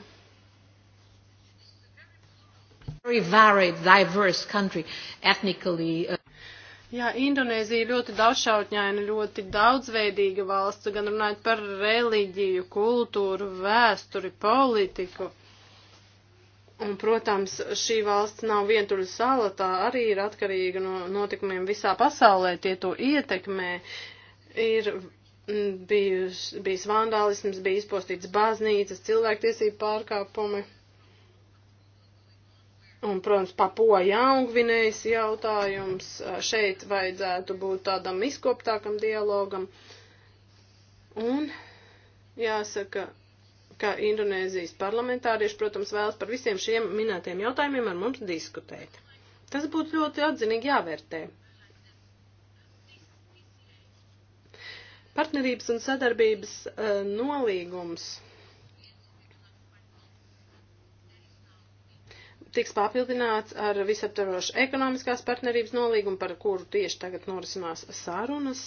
very varied, diverse country, ethnically. Uh, Jā, Indonēzija ļoti daudzšķautņaina, ļoti daudzveidīga valsts, gan runājot par reliģiju, kultūru, vēsturi, politiku. Un, protams, šī valsts nav vientuļa sala, tā arī ir atkarīga no notikumiem visā pasaulē, tie to ietekmē. Ir mm, bijis, bijis vandālisms, bija izpostīts baznīcas, cilvēktiesību pārkāpumi. Un, protams, papoja jaungvinējas jautājums. Šeit vajadzētu būt tādam izkoptākam dialogam. Un jāsaka, ka Indonēzijas parlamentārieši, protams, vēlas par visiem šiem minētiem jautājumiem ar mums diskutēt. Tas būtu ļoti atzinīgi jāvērtē. Partnerības un sadarbības uh, nolīgums tiks papildināts ar visaptvarošu ekonomiskās partnerības nolīgumu, par kuru tieši tagad norisinās sarunas,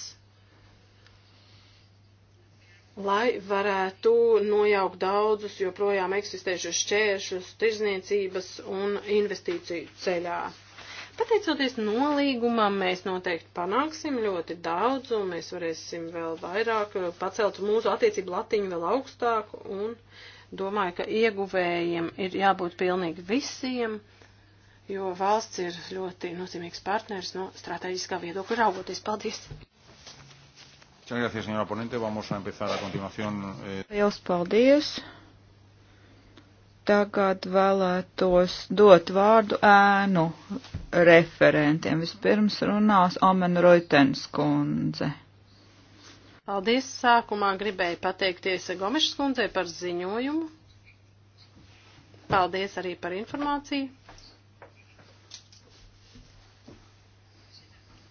lai varētu nojaukt daudzus joprojām eksistējušus šķēršus tirzniecības un investīciju ceļā. Pateicoties nolīgumam, mēs noteikti panāksim ļoti daudz, un mēs varēsim vēl vairāk pacelt mūsu attiecību latiņu vēl augstāk un uh, Domāju, ka ieguvējiem ir jābūt pilnīgi visiem, jo valsts ir ļoti nozīmīgs partners no strateģiskā viedokļa raugoties. Paldies! Eh. Liels paldies! Tagad vēlētos dot vārdu ēnu referentiem. Vispirms runās Omen Roitens kundze. Paldies! Sākumā gribēju pateikties Gomešas kundzei par ziņojumu. Paldies arī par informāciju.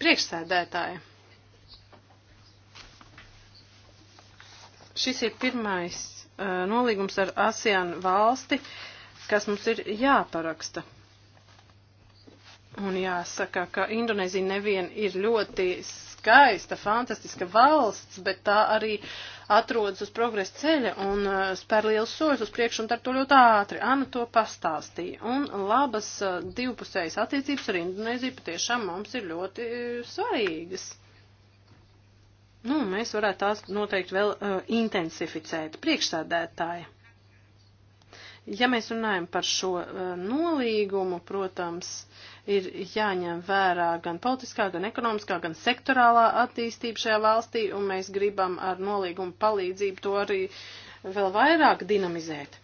Priekšsēdētāji. Šis ir pirmais uh, nolīgums ar ASEAN valsti, kas mums ir jāparaksta. Un jāsaka, ka Indonēzija nevien ir ļoti skaista, fantastiska valsts, bet tā arī atrodas uz progresa ceļa un uh, spēr liels soļus uz priekšu un dar to ļoti ātri. Ana to pastāstīja. Un labas uh, divpusējas attiecības ar Indonēziju patiešām mums ir ļoti uh, svarīgas. Nu, mēs varētu tās noteikti vēl uh, intensificēt priekšsādētāji. Ja mēs runājam par šo e, nolīgumu, protams, ir jāņem vērā gan politiskā, gan ekonomiskā, gan sektorālā attīstība šajā valstī, un mēs gribam ar nolīgumu palīdzību to arī vēl vairāk dinamizēt.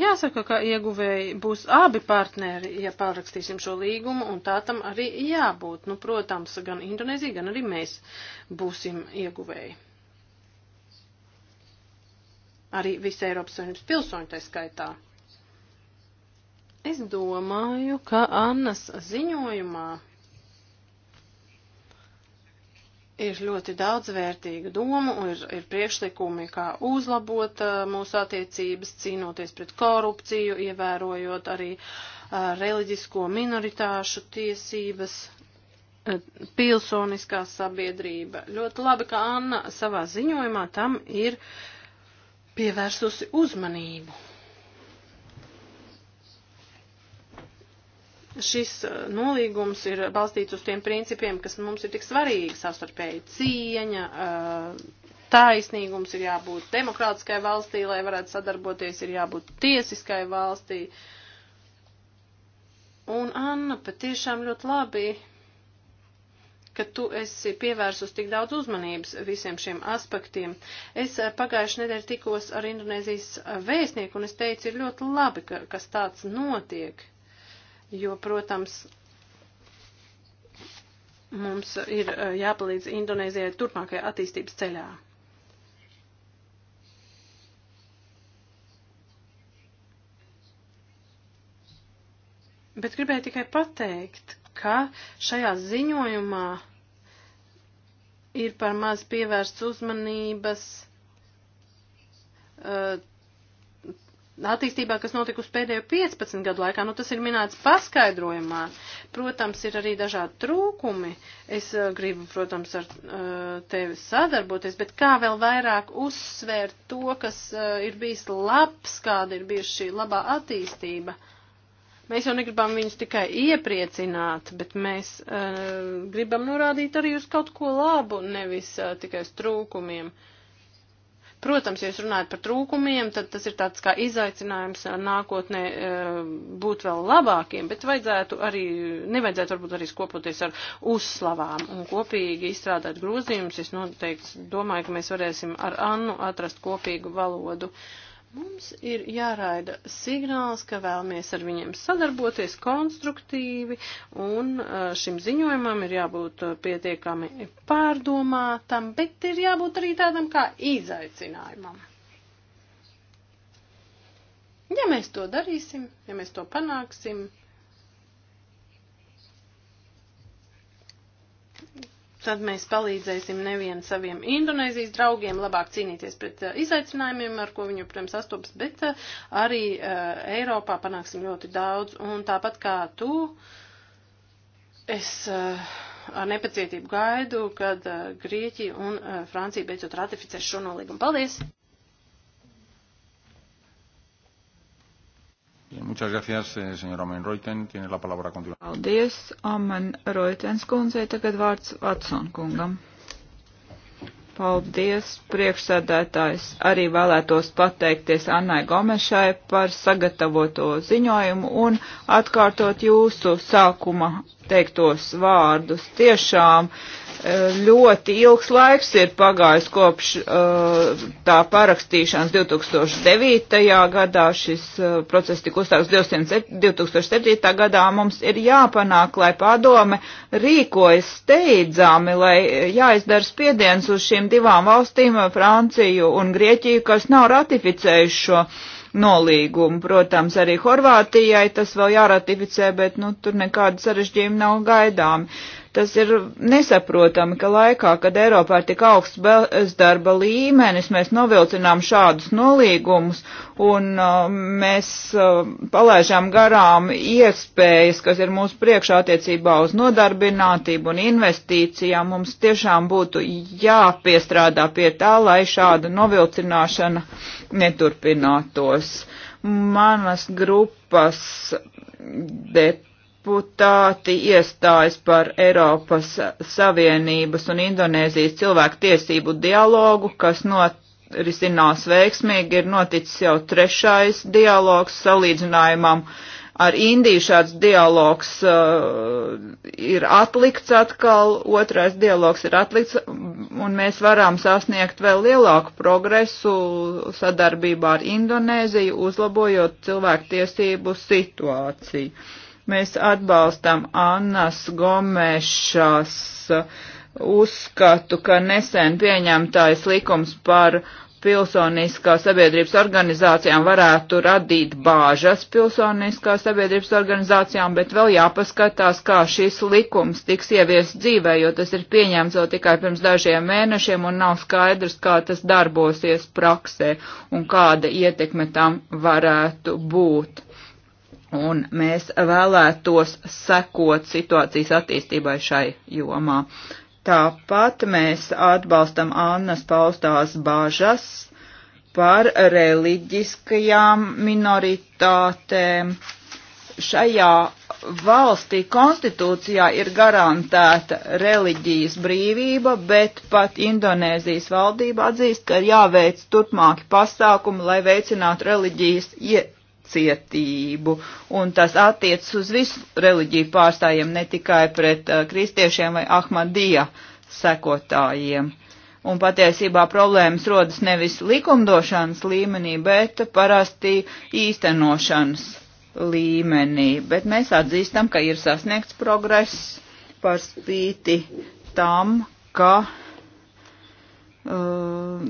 Jāsaka, ka ieguvēji būs abi partneri, ja pārrakstīsim šo līgumu, un tā tam arī jābūt. Nu, protams, gan Indonēzija, gan arī mēs būsim ieguvēji arī visi Eiropas Savienības pilsoņu tai skaitā. Es domāju, ka Annas ziņojumā ir ļoti daudz vērtīgu domu, ir, ir priekšlikumi, kā uzlabot uh, mūsu attiecības, cīnoties pret korupciju, ievērojot arī a, uh, reliģisko minoritāšu tiesības, a, uh, pilsoniskā sabiedrība. Ļoti labi, ka Anna savā ziņojumā tam ir uh, pievērsusi uzmanību. Šis uh, nolīgums ir balstīts uz tiem principiem, kas mums ir tik svarīgi - savstarpēji cieņa, uh, taisnīgums ir jābūt demokrātiskai valstī, lai varētu sadarboties, ir jābūt tiesiskai valstī. Un Anna patiešām ļoti labi ka tu esi pievērsus tik daudz uzmanības visiem šiem aspektiem. Es eh, pagājuši nedēļ tikos ar Indonēzijas eh, vēstnieku un es teicu, ir ļoti labi, ka, kas tāds notiek, jo, protams, mums ir eh, jāpalīdz Indonēzijai turpmākajā attīstības ceļā. Bet gribēju tikai pateikt, ka šajā ziņojumā ir par maz pievērsts uzmanības uh, attīstībā, kas notika uz pēdējo 15 gadu laikā, nu tas ir minēts paskaidrojumā. Protams, ir arī dažādi trūkumi. Es uh, gribu, protams, ar uh, tevi sadarboties, bet kā vēl vairāk uzsvērt to, kas uh, ir bijis labs, kāda ir bijusi šī labā attīstība. Uh, Mēs jau negribam viņus tikai iepriecināt, bet mēs uh, gribam norādīt arī uz kaut ko labu, nevis uh, tikai uz trūkumiem. Protams, ja jūs runājat par trūkumiem, tad tas ir tāds kā izaicinājums eh, nākotnē būt vēl labākiem, bet vajadzētu arī, nevajadzētu varbūt arī skopoties ar uzslavām un kopīgi izstrādāt grozījumus. Es noteikti domāju, ka mēs varēsim ar Annu atrast kopīgu valodu. Uh, Mums ir jāraida signāls, ka vēlamies ar viņiem sadarboties konstruktīvi, un uh, šim ziņojumam ir jābūt uh, pietiekami pārdomātam, bet ir jābūt arī tādam kā izaicinājumam. Ja mēs to darīsim, ja mēs to panāksim, Tad mēs palīdzēsim nevien saviem Indonēzijas draugiem labāk cīnīties pret uh, izaicinājumiem, ar ko viņi, protams, sastopas, bet uh, arī uh, Eiropā panāksim ļoti daudz. Un tāpat kā tu, es uh, ar nepacietību gaidu, kad uh, Grieķija un uh, Francija beidzot ratificēs šo nolīgumu. Paldies! Muchas gracias, eh, señora Omen Reuten. Tiene la palabra a continuación. Paldies, Omen Reutens kundzei. Tagad vārds Vatson kungam. Paldies, priekšsēdētājs. Arī vēlētos pateikties Annai Gomešai par sagatavoto ziņojumu un atkārtot jūsu sākuma teiktos vārdus. Tiešām ļoti ilgs laiks ir pagājis kopš uh, tā parakstīšanas 2009. gadā. Šis uh, process tika uzstāsts 2007. gadā. Mums ir jāpanāk, lai padome rīkojas steidzami, lai jāizdara spiediens uz šīm divām valstīm, uh, Franciju un Grieķiju, kas nav ratificējuši šo nolīgumu. Protams, arī Horvātijai tas vēl jāratificē, bet nu, tur nekāda sarežģījuma nav gaidāmi. Uh, Tas ir nesaprotami, ka laikā, kad Eiropā ir tik augsts bezdarba līmenis, mēs novilcinām šādus nolīgumus un uh, mēs uh, palaižām garām iespējas, kas ir mūsu priekšā attiecībā uz nodarbinātību un investīcijām. Mums tiešām būtu jāpiestrādā pie tā, lai šāda novilcināšana neturpinātos. Manas grupas deputāti deputāti iestājas par Eiropas Savienības un Indonēzijas cilvēku tiesību dialogu, kas norisinās veiksmīgi, ir noticis jau trešais dialogs salīdzinājumam ar Indiju šāds dialogs uh, ir atlikts atkal, otrais dialogs ir atlikts, un mēs varam sasniegt vēl lielāku progresu sadarbībā ar Indonēziju, uzlabojot cilvēku tiesību situāciju. Mēs atbalstam Annas Gomešas uh, uzskatu, ka nesen pieņemtais likums par pilsoniskās sabiedrības organizācijām varētu radīt bāžas pilsoniskās sabiedrības organizācijām, bet vēl jāpaskatās, kā šis likums tiks ievies dzīvē, jo tas ir pieņemts vēl tikai pirms dažiem mēnešiem un nav skaidrs, kā tas darbosies praksē un kāda ietekme tam varētu būt un mēs vēlētos sekot situācijas attīstībai šai jomā. Tāpat mēs atbalstam Annas paustās bažas par reliģiskajām minoritātēm. Šajā valstī konstitūcijā ir garantēta reliģijas brīvība, bet pat Indonēzijas valdība atzīst, ka ir jāveic turpmāki pasākumi, lai veicinātu reliģijas ietekmi pacietību, un tas attiec uz visu reliģiju pārstājiem, ne tikai pret uh, kristiešiem vai Ahmadija sekotājiem. Un patiesībā problēmas rodas nevis likumdošanas līmenī, bet parasti īstenošanas līmenī. Bet mēs atzīstam, ka ir sasniegts progress par spīti tam, ka uh,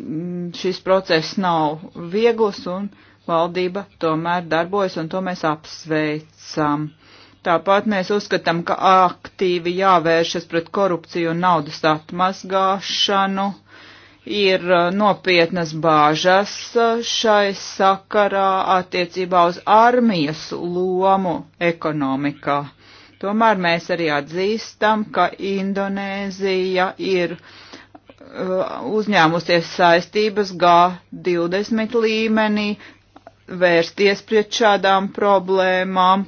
šis process nav viegls un uh, valdība tomēr darbojas, un to mēs apsveicam. Tāpat mēs uzskatām, ka aktīvi jāvēršas pret korupciju un naudas atmazgāšanu. Ir uh, nopietnas bāžas uh, šai sakarā attiecībā uz armijas lomu ekonomikā. Tomēr mēs arī atzīstam, ka Indonēzija ir uh, uzņēmusies saistības G20 līmenī vērsties pret šādām problēmām,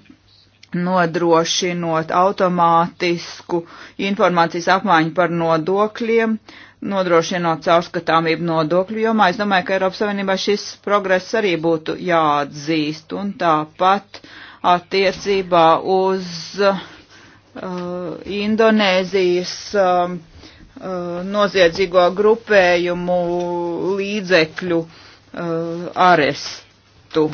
nodrošinot automātisku informācijas apmaiņu par nodokļiem, nodrošinot caurskatāmību nodokļu jomā. Es domāju, ka Eiropas Savienībā šis progress arī būtu jāatzīst un tāpat attiecībā uz uh, Indonēzijas um, uh, noziedzīgo grupējumu līdzekļu uh, arestu budžetu.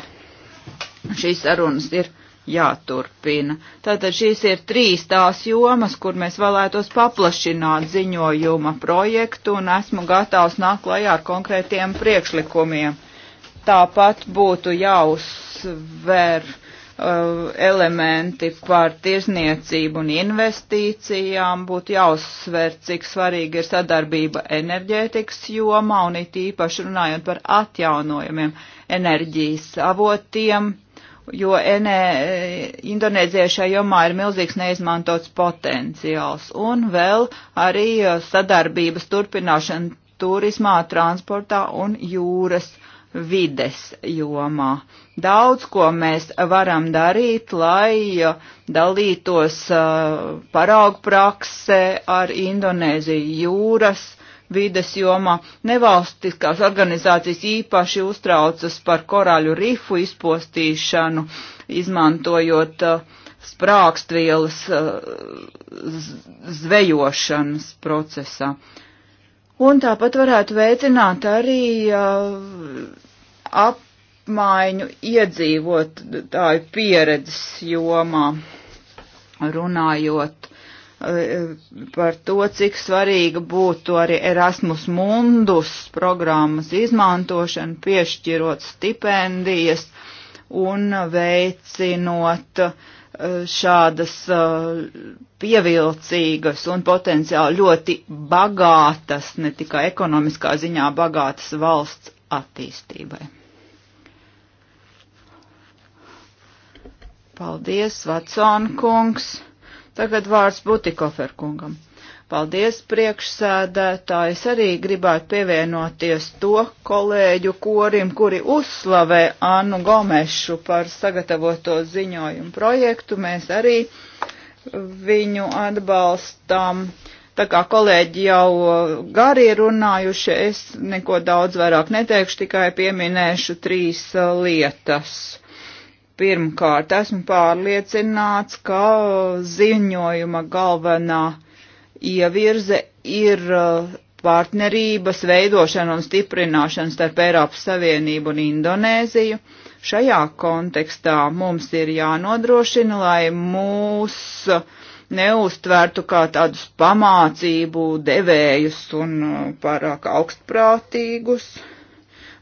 Šīs sarunas ir jāturpina. Tātad šīs ir trīs tās jomas, kur mēs vēlētos paplašināt ziņojuma projektu un esmu gatavs nākt klajā ar konkrētiem priekšlikumiem. Tāpat būtu jāuzsver Uh, elementi par tirzniecību un investīcijām, būtu jāuzsver, cik svarīga ir sadarbība enerģētikas jomā un it īpaši runājot par atjaunojumiem enerģijas avotiem, jo enē, Indonēzijā šajā jomā ir milzīgs neizmantots potenciāls un vēl arī uh, sadarbības turpināšana turismā, transportā un jūras vides jomā Daudz ko mēs varam darīt, lai uh, dalītos uh, paraugu praksē ar Indonēziju jūras vides jomā. Nevalstiskās organizācijas īpaši uztraucas par korāļu rifu izpostīšanu, izmantojot uh, sprākstvielas zvejošanas procesā. Un tāpat varētu veicināt arī ap apmaiņu iedzīvotāju pieredzes jomā, runājot eh, par to, cik svarīga būtu arī Erasmus Mundus programmas izmantošana, piešķirot stipendijas un veicinot eh, šādas eh, pievilcīgas un potenciāli ļoti bagātas, ne tikai ekonomiskā ziņā bagātas valsts attīstībai. Paldies, Vatsona kungs. Tagad vārds Butikofer kungam. Paldies, priekšsēdētāji. Es arī gribētu pievienoties to kolēģu korim, kuri uzslavē Annu Gomešu par sagatavoto ziņojumu projektu. Mēs arī viņu atbalstam. Tā kā kolēģi jau gari ir runājuši, es neko daudz vairāk neteikšu, tikai pieminēšu trīs lietas. Pirmkārt, esmu pārliecināts, ka ziņojuma galvenā ievirze ir uh, partnerības veidošana un stiprināšana starp Eiropas Savienību un Indonēziju. Šajā kontekstā mums ir jānodrošina, lai mūs neuztvertu kā tādus pamācību devējus un uh, pārāk augstprātīgus.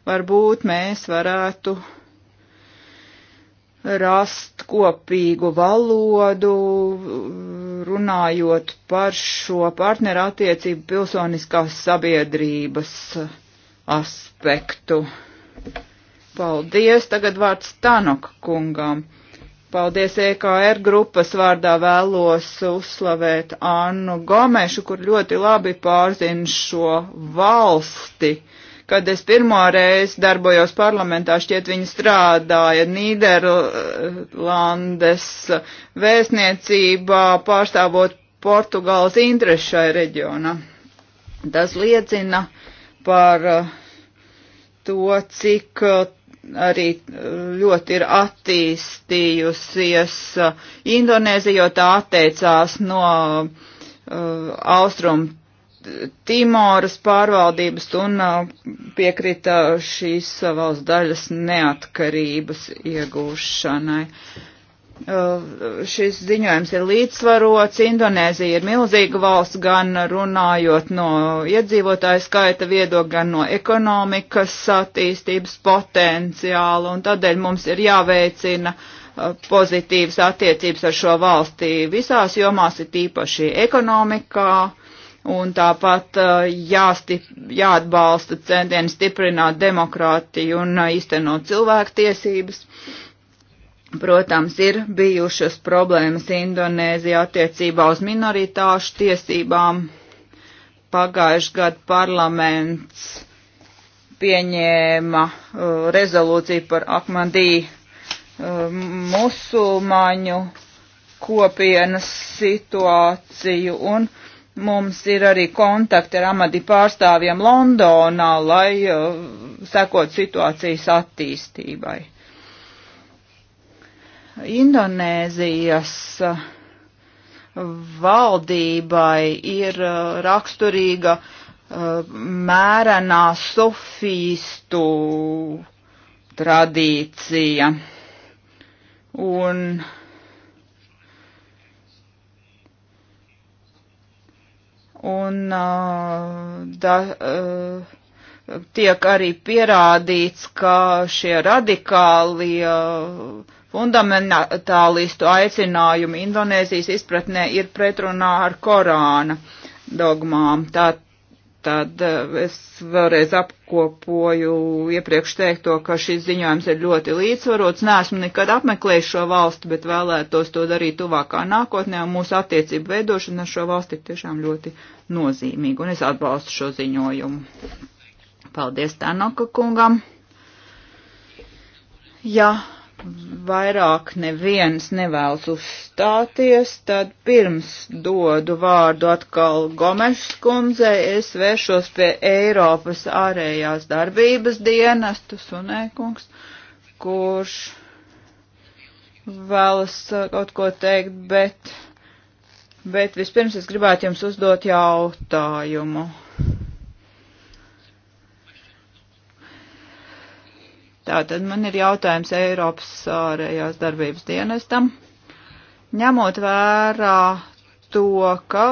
Varbūt mēs varētu rast kopīgu valodu, runājot par šo partneru attiecību pilsoniskās sabiedrības aspektu. Paldies, tagad vārds Tanok kungam. Paldies EKR grupas vārdā vēlos uzslavēt Annu Gomešu, kur ļoti labi pārzina šo valsti. Uh, Kad es pirmo reizi darbojos parlamentā, šķiet viņa strādāja Nīderlandes vēstniecībā pārstāvot Portugāles interešu šai reģionā. Tas liecina par uh, to, cik uh, arī uh, ļoti ir attīstījusies Indonēzija, jo tā atteicās no uh, austrumu Timoras pārvaldības un uh, piekrita šīs valsts daļas neatkarības iegūšanai. Uh, šis ziņojums ir līdzsvarots. Indonēzija ir milzīga valsts gan runājot no iedzīvotāju skaita viedokļa, gan no ekonomikas attīstības potenciāla, un tādēļ mums ir jāveicina uh, pozitīvas attiecības ar šo valstī visās jomās, ir tīpaši ekonomikā, uh, un tāpat uh, jāstip, jāatbalsta centieni stiprināt demokrātiju un uh, īstenot cilvēktiesības. Protams, ir bijušas problēmas Indonēzijā attiecībā uz minoritāšu tiesībām. Pagājuši gadu parlaments pieņēma uh, rezolūciju par Akmadī uh, musulmaņu kopienas situāciju un uh, Mums ir arī kontakti ar amati pārstāvjiem Londonā, lai uh, sekot situācijas attīstībai. Indonēzijas uh, valdībai ir uh, raksturīga uh, mērenā sofistu tradīcija. Un uh, un da, tiek arī pierādīts, ka šie radikāli fundamentālistu aicinājumi Indonēzijas izpratnē ir pretrunā ar Korāna dogmām. Tā Tātad eh, es vēlreiz apkopoju iepriekš teikto, ka šis ziņojums ir ļoti līdzsvarots. Neesmu nekad apmeklējis šo valsti, bet vēlētos to darīt tuvākā nākotnē, un mūsu attiecību veidošana ar šo valsti ir tiešām ļoti nozīmīga, un es atbalstu šo ziņojumu. Paldies Tanoka kungam! Ja vairāk neviens nevēlas uzstāties, tad pirms dodu vārdu atkal Gomešs kundzei, es vēršos pie Eiropas ārējās darbības dienestu Sunēkungs, kurš vēlas uh, kaut ko teikt, bet, bet vispirms es gribētu jums uzdot jautājumu. Tātad man ir jautājums Eiropas ārējās darbības dienestam. Ņemot vērā to, ka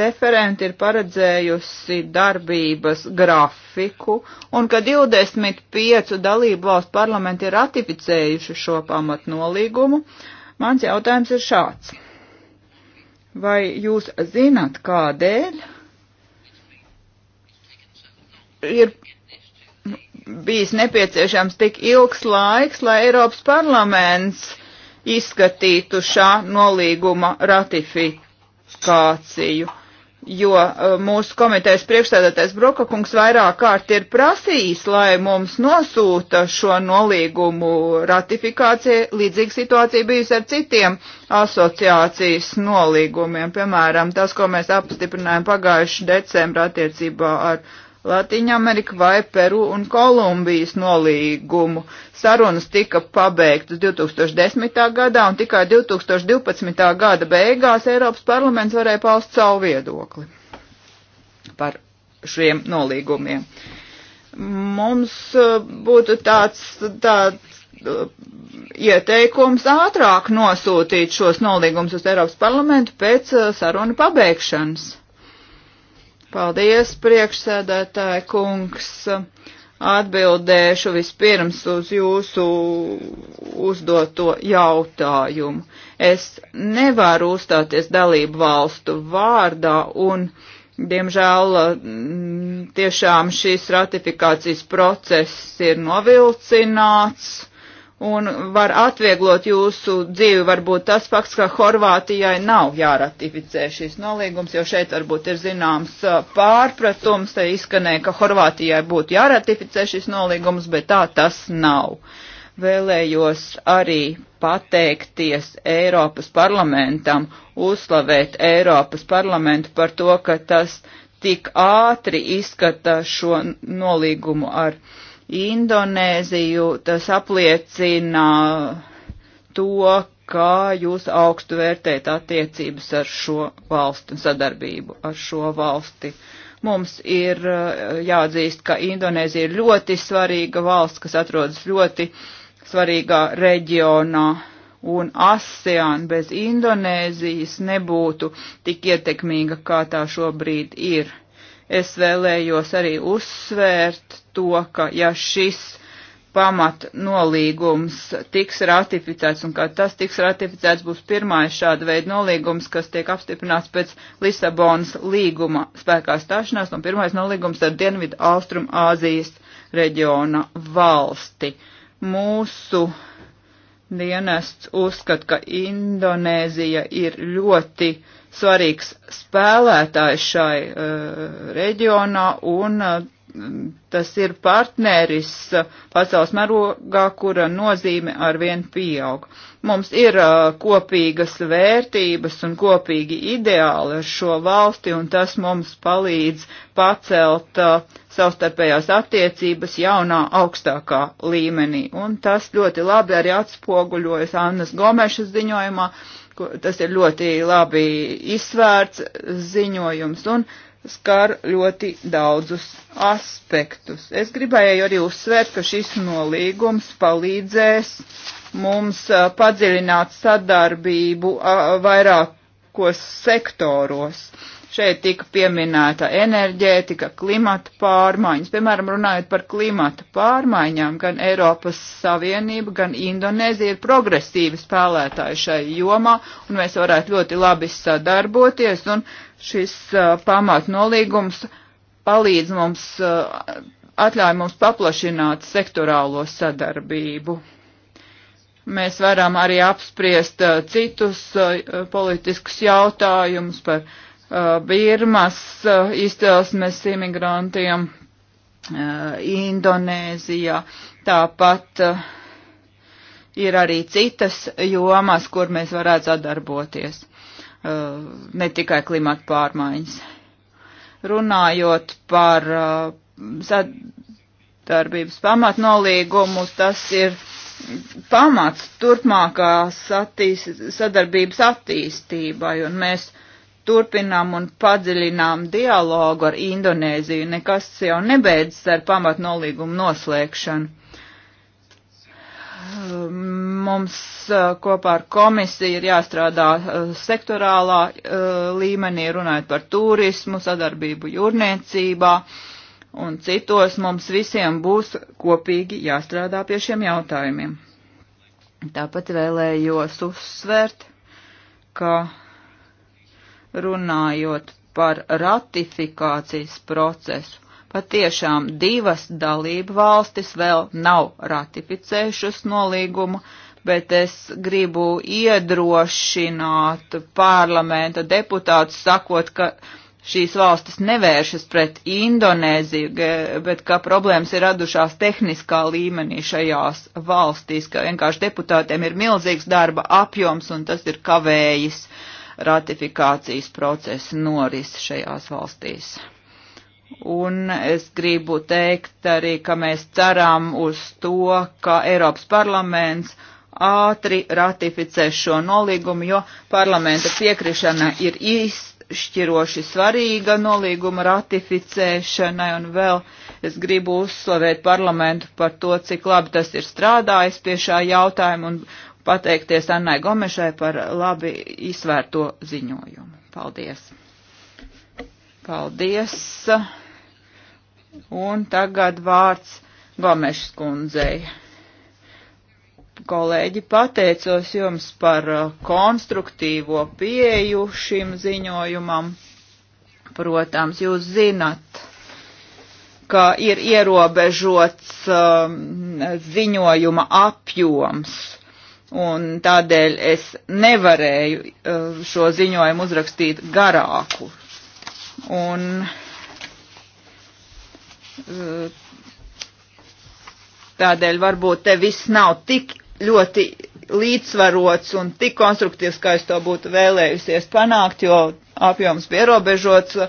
referenti ir paredzējusi darbības grafiku un ka 25 dalību valstu parlamenti ir ratificējuši šo pamatnolīgumu, mans jautājums ir šāds. Vai jūs zinat, kādēļ ir bijis nepieciešams tik ilgs laiks, lai Eiropas parlaments izskatītu šā nolīguma ratifikāciju jo e, mūsu komitejas priekšstādātais Brokakungs vairāk kārt ir prasījis, lai mums nosūta šo nolīgumu ratifikācija. Līdzīga situācija bijusi ar citiem asociācijas nolīgumiem, piemēram, tas, ko mēs apstiprinājām pagājuši decembra attiecībā ar Latīņa Amerika vai Peru un Kolumbijas nolīgumu. Sarunas tika pabeigtas 2010. gadā un tikai 2012. gada beigās Eiropas parlaments varēja paust savu viedokli par šiem nolīgumiem. Mums e, būtu tāds, tāds e, ieteikums ātrāk nosūtīt šos nolīgumus uz Eiropas parlamentu pēc e, sarunu pabeigšanas Paldies, priekšsēdētāji kungs. Atbildēšu vispirms uz jūsu uzdoto jautājumu. Es nevaru uzstāties dalību valstu vārdā un, diemžēl, mm, tiešām šīs ratifikācijas process ir novilcināts un var atvieglot jūsu dzīvi varbūt tas fakts, ka Horvātijai nav jāratificē šis nolīgums, jo šeit varbūt ir zināms uh, pārpratums, te izskanēja, ka Horvātijai būtu jāratificē šis nolīgums, bet tā tas nav. Vēlējos arī pateikties Eiropas parlamentam, uzslavēt Eiropas parlamentu par to, ka tas tik ātri izskata šo nolīgumu ar. Uh, Indonēziju, tas apliecina to, kā jūs augstu vērtēt attiecības ar šo valstu un sadarbību ar šo valsti. Mums ir eh, jāatzīst, ka Indonēzija ir ļoti svarīga valsts, kas atrodas ļoti svarīgā reģionā, un ASEAN bez Indonēzijas nebūtu tik ietekmīga, kā tā šobrīd ir. Es vēlējos arī uzsvērt to, ka ja šis pamat nolīgums tiks ratificēts un kā tas tiks ratificēts, būs pirmais šāda veida nolīgums, kas tiek apstiprināts pēc Lisabonas līguma spēkā stāšanās un pirmais nolīgums ar Dienvidu Austrum Āzijas reģiona valsti. Mūsu dienests uzskat, ka Indonēzija ir ļoti svarīgs spēlētājs šai uh, reģionā un uh, tas ir partneris pasaules mērogā, kura nozīme arvien pieaug. Mums ir kopīgas vērtības un kopīgi ideāli ar šo valsti, un tas mums palīdz pacelt savstarpējās attiecības jaunā augstākā līmenī. Un tas ļoti labi arī atspoguļojas Annas Gomešas ziņojumā, tas ir ļoti labi izsvērts ziņojums. Un, uh, skar ļoti daudzus aspektus. Es gribēju arī uzsvērt, ka šis nolīgums palīdzēs mums padziļināt sadarbību vairākos sektoros. Šeit tika pieminēta enerģētika, klimata pārmaiņas. Piemēram, runājot par klimata pārmaiņām, gan Eiropas Savienība, gan Indonēzija ir progresīvi spēlētāji šai jomā, un mēs varētu ļoti labi sadarboties un Šis uh, pamatnolīgums palīdz mums, uh, atļauj mums paplašināt sektorālo sadarbību. Mēs varam arī apspriest uh, citus politiskus jautājumus par Birmas izcelsmes imigrantiem Indonēzijā. Tāpat ir arī citas jomas, kur mēs varētu sadarboties. Uh, ne tikai klimata pārmaiņas. Runājot par uh, sadarbības pamatnolīgumu, tas ir pamats turpmākās attīs, sadarbības attīstībai, un mēs turpinām un padziļinām dialogu ar Indonēziju. Nekas jau nebeidzas ar pamatnolīgumu noslēgšanu. Ehm, mums eh, kopā ar komisiju ir jāstrādā eh, sektorālā eh, līmenī, runājot par turismu, sadarbību jūrniecībā un citos mums visiem būs kopīgi jāstrādā pie šiem jautājumiem. Tāpat vēlējos uzsvērt, ka runājot par ratifikācijas procesu, Patiešām divas dalību valstis vēl nav ratificējušas nolīgumu, bet es gribu iedrošināt parlamenta deputātus sakot, ka šīs valstis nevēršas pret Indonēziju, bet ka problēmas ir radušās tehniskā līmenī šajās valstīs, ka vienkārši deputātiem ir milzīgs darba apjoms un tas ir kavējis ratifikācijas procesa noris šajās valstīs. Un es gribu teikt arī, ka mēs ceram uz to, ka Eiropas parlaments ātri ratificēs šo nolīgumu, jo parlamenta piekrišana ir izšķiroši svarīga nolīguma ratificēšanai, un vēl es gribu uzslavēt parlamentu par to, cik labi tas ir strādājis pie šā jautājuma, un pateikties Annai Gomešai par labi izvērto ziņojumu. Paldies! Paldies. Un tagad vārds Gomešs kundzei. Kolēģi, pateicos jums par uh, konstruktīvo pieju šim ziņojumam. Protams, jūs zinat, ka ir ierobežots um, ziņojuma apjoms, un tādēļ es nevarēju uh, šo ziņojumu uzrakstīt garāku Un eh, tādēļ varbūt te viss nav tik ļoti līdzsvarots un tik konstruktīvs, kā es to būtu vēlējusies panākt, jo apjoms bija ierobežots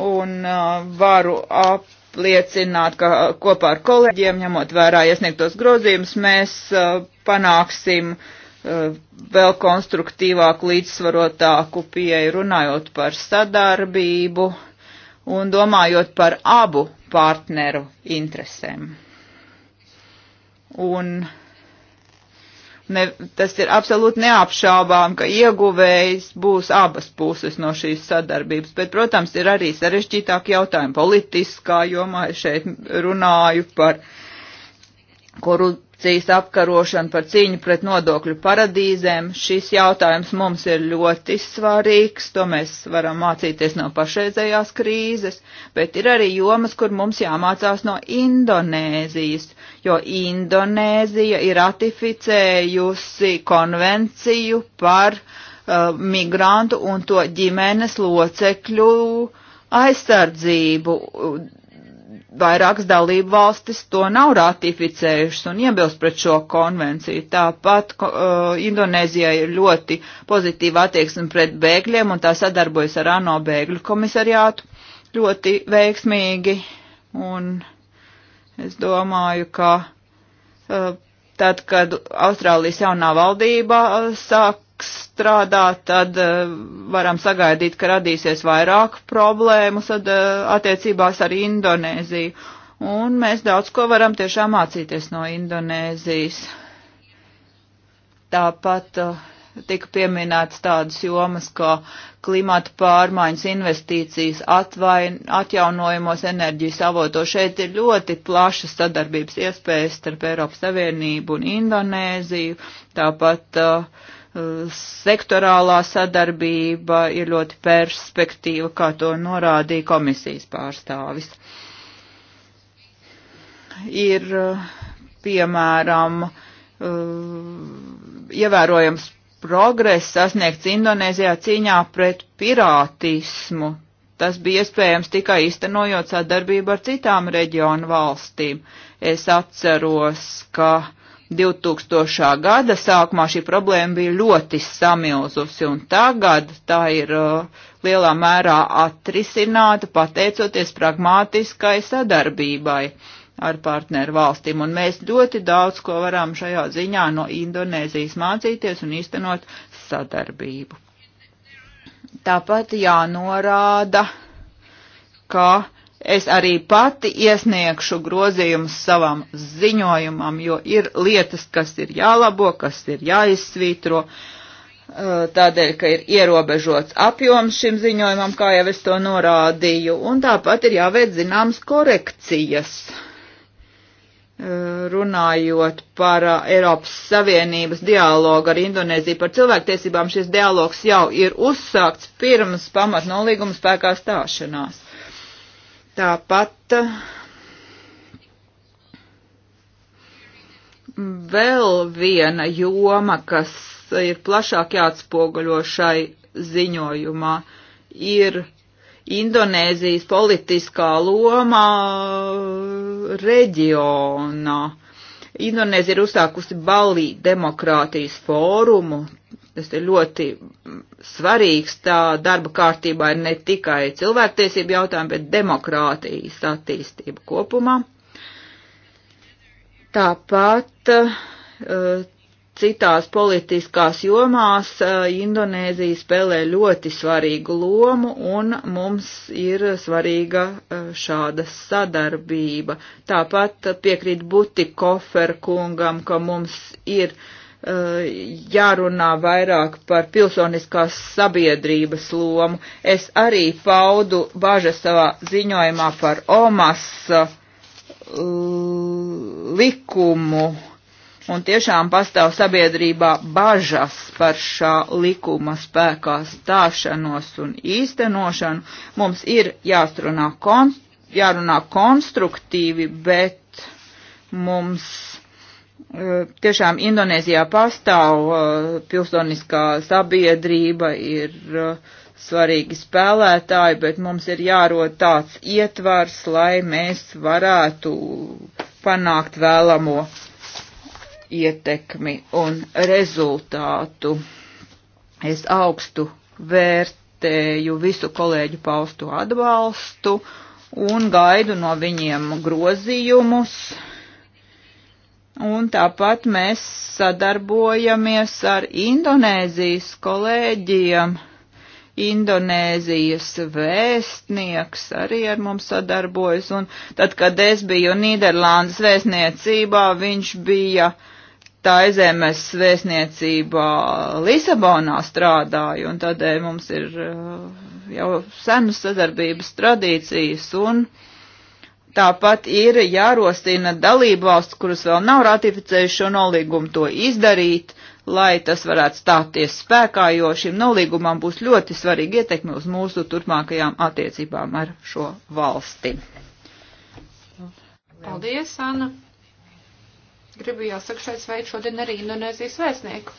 un eh, varu apliecināt, ka kopā ar kolēģiem, ņemot vērā iesniegtos grozījumus, mēs eh, panāksim uh, Eh, vēl konstruktīvāku, līdzsvarotāku pieeju runājot par sadarbību un domājot par abu partneru interesēm. Un ne, tas ir absolūti neapšaubām, ka ieguvējs būs abas puses no šīs sadarbības, bet, protams, ir arī sarežģītāk jautājumi politiskā jomā. Šeit runāju par uh, korupcijas apkarošanu, par cīņu pret nodokļu paradīzēm. Šis jautājums mums ir ļoti svarīgs, to mēs varam mācīties no pašreizējās krīzes, bet ir arī jomas, kur mums jāmācās no Indonēzijas, jo Indonēzija ir ratificējusi konvenciju par uh, migrantu un to ģimenes locekļu aizsardzību vairākas dalību valstis to nav ratificējušas un iebilst pret šo konvenciju. Tāpat uh, Indonēzijai ir ļoti pozitīva attieksme pret bēgļiem un tā sadarbojas ar ANO bēgļu komisariātu ļoti veiksmīgi. Un es domāju, ka uh, tad, kad Austrālijas jaunā valdība uh, sāk strādā, tad eh, varam sagaidīt, ka radīsies vairāk problēmu tad, eh, attiecībās ar Indonēziju. Un mēs daudz ko varam tiešām mācīties no Indonēzijas. Tāpat eh, tika pieminēts tādas jomas, kā klimata pārmaiņas, investīcijas, atvain, atjaunojumos enerģijas avoto. Šeit ir ļoti plašas sadarbības iespējas starp Eiropas Savienību un Indonēziju. Tāpat uh, Eh, sektorālā sadarbība ir ļoti perspektīva, kā to norādīja komisijas pārstāvis. Ir, eh, piemēram, eh, ievērojams progress sasniegts Indonēzijā cīņā pret pirātismu. Tas bija iespējams tikai iztenojot sadarbību ar citām reģionu valstīm. Es atceros, ka 2000. gada sākumā šī problēma bija ļoti samilzusi, un tagad tā ir uh, lielā mērā atrisināta pateicoties pragmātiskai sadarbībai ar partneru valstīm, un mēs ļoti daudz ko varam šajā ziņā no Indonēzijas mācīties un īstenot sadarbību. Tāpat jānorāda, ka Es arī pati iesniegšu grozījumus savam ziņojumam, jo ir lietas, kas ir jālabo, kas ir jāizsvītro, eh, tādēļ, ka ir ierobežots apjoms šim ziņojumam, kā jau es to norādīju, un tāpat ir jāveic zināmas korekcijas. Eh, runājot par eh, Eiropas Savienības dialogu ar Indonēziju par cilvēktiesībām, šis dialogs jau ir uzsākts pirms pamatnolīguma spēkā stāšanās Tāpat mm, vēl viena joma, kas ir plašāk jāatspoguļo šai ziņojumā, ir Indonēzijas politiskā loma reģionā. Indonēzija ir uzsākusi Balī demokrātijas fórumu, Tas ir ļoti svarīgs tā darba kārtībā ir ne tikai cilvēktiesību jautājumi, bet demokrātijas attīstība kopumā. Tāpat uh, citās politiskās jomās uh, Indonēzija spēlē ļoti svarīgu lomu un mums ir svarīga uh, šāda sadarbība. Tāpat piekrīt Butikofer kungam, ka mums ir uh, Eh, jārunā vairāk par pilsoniskās sabiedrības lomu. Es arī paudu bažas savā ziņojumā par OMAS eh, likumu. Un tiešām pastāv sabiedrībā bažas par šā likuma spēkā stāšanos un īstenošanu. Mums ir jāstrunā kon, jārunā konstruktīvi, bet mums tiešām Indonēzijā pastāv pilsoniskā sabiedrība, ir svarīgi spēlētāji, bet mums ir jārod tāds ietvars, lai mēs varētu panākt vēlamo ietekmi un rezultātu. Es augstu vērtēju visu kolēģu paustu atbalstu un gaidu no viņiem grozījumus Un tāpat mēs sadarbojamies ar Indonēzijas kolēģiem. Indonēzijas vēstnieks arī ar mums sadarbojas, un tad, kad es biju Nīderlandes vēstniecībā, viņš bija Taizemes vēstniecībā Lisabonā strādāja, un tādēļ mums ir uh, jau senas sadarbības tradīcijas, un uh, Tāpat ir jārosina dalību valsts, kuras vēl nav ratificējuši šo nolīgumu, to izdarīt, lai tas varētu stāties spēkā, jo šim nolīgumam būs ļoti svarīga ietekme uz mūsu turpmākajām attiecībām ar šo valsti. Paldies, Anna! Gribu jāsaka šeit sveikt šodien arī Indonēzijas vēstnieku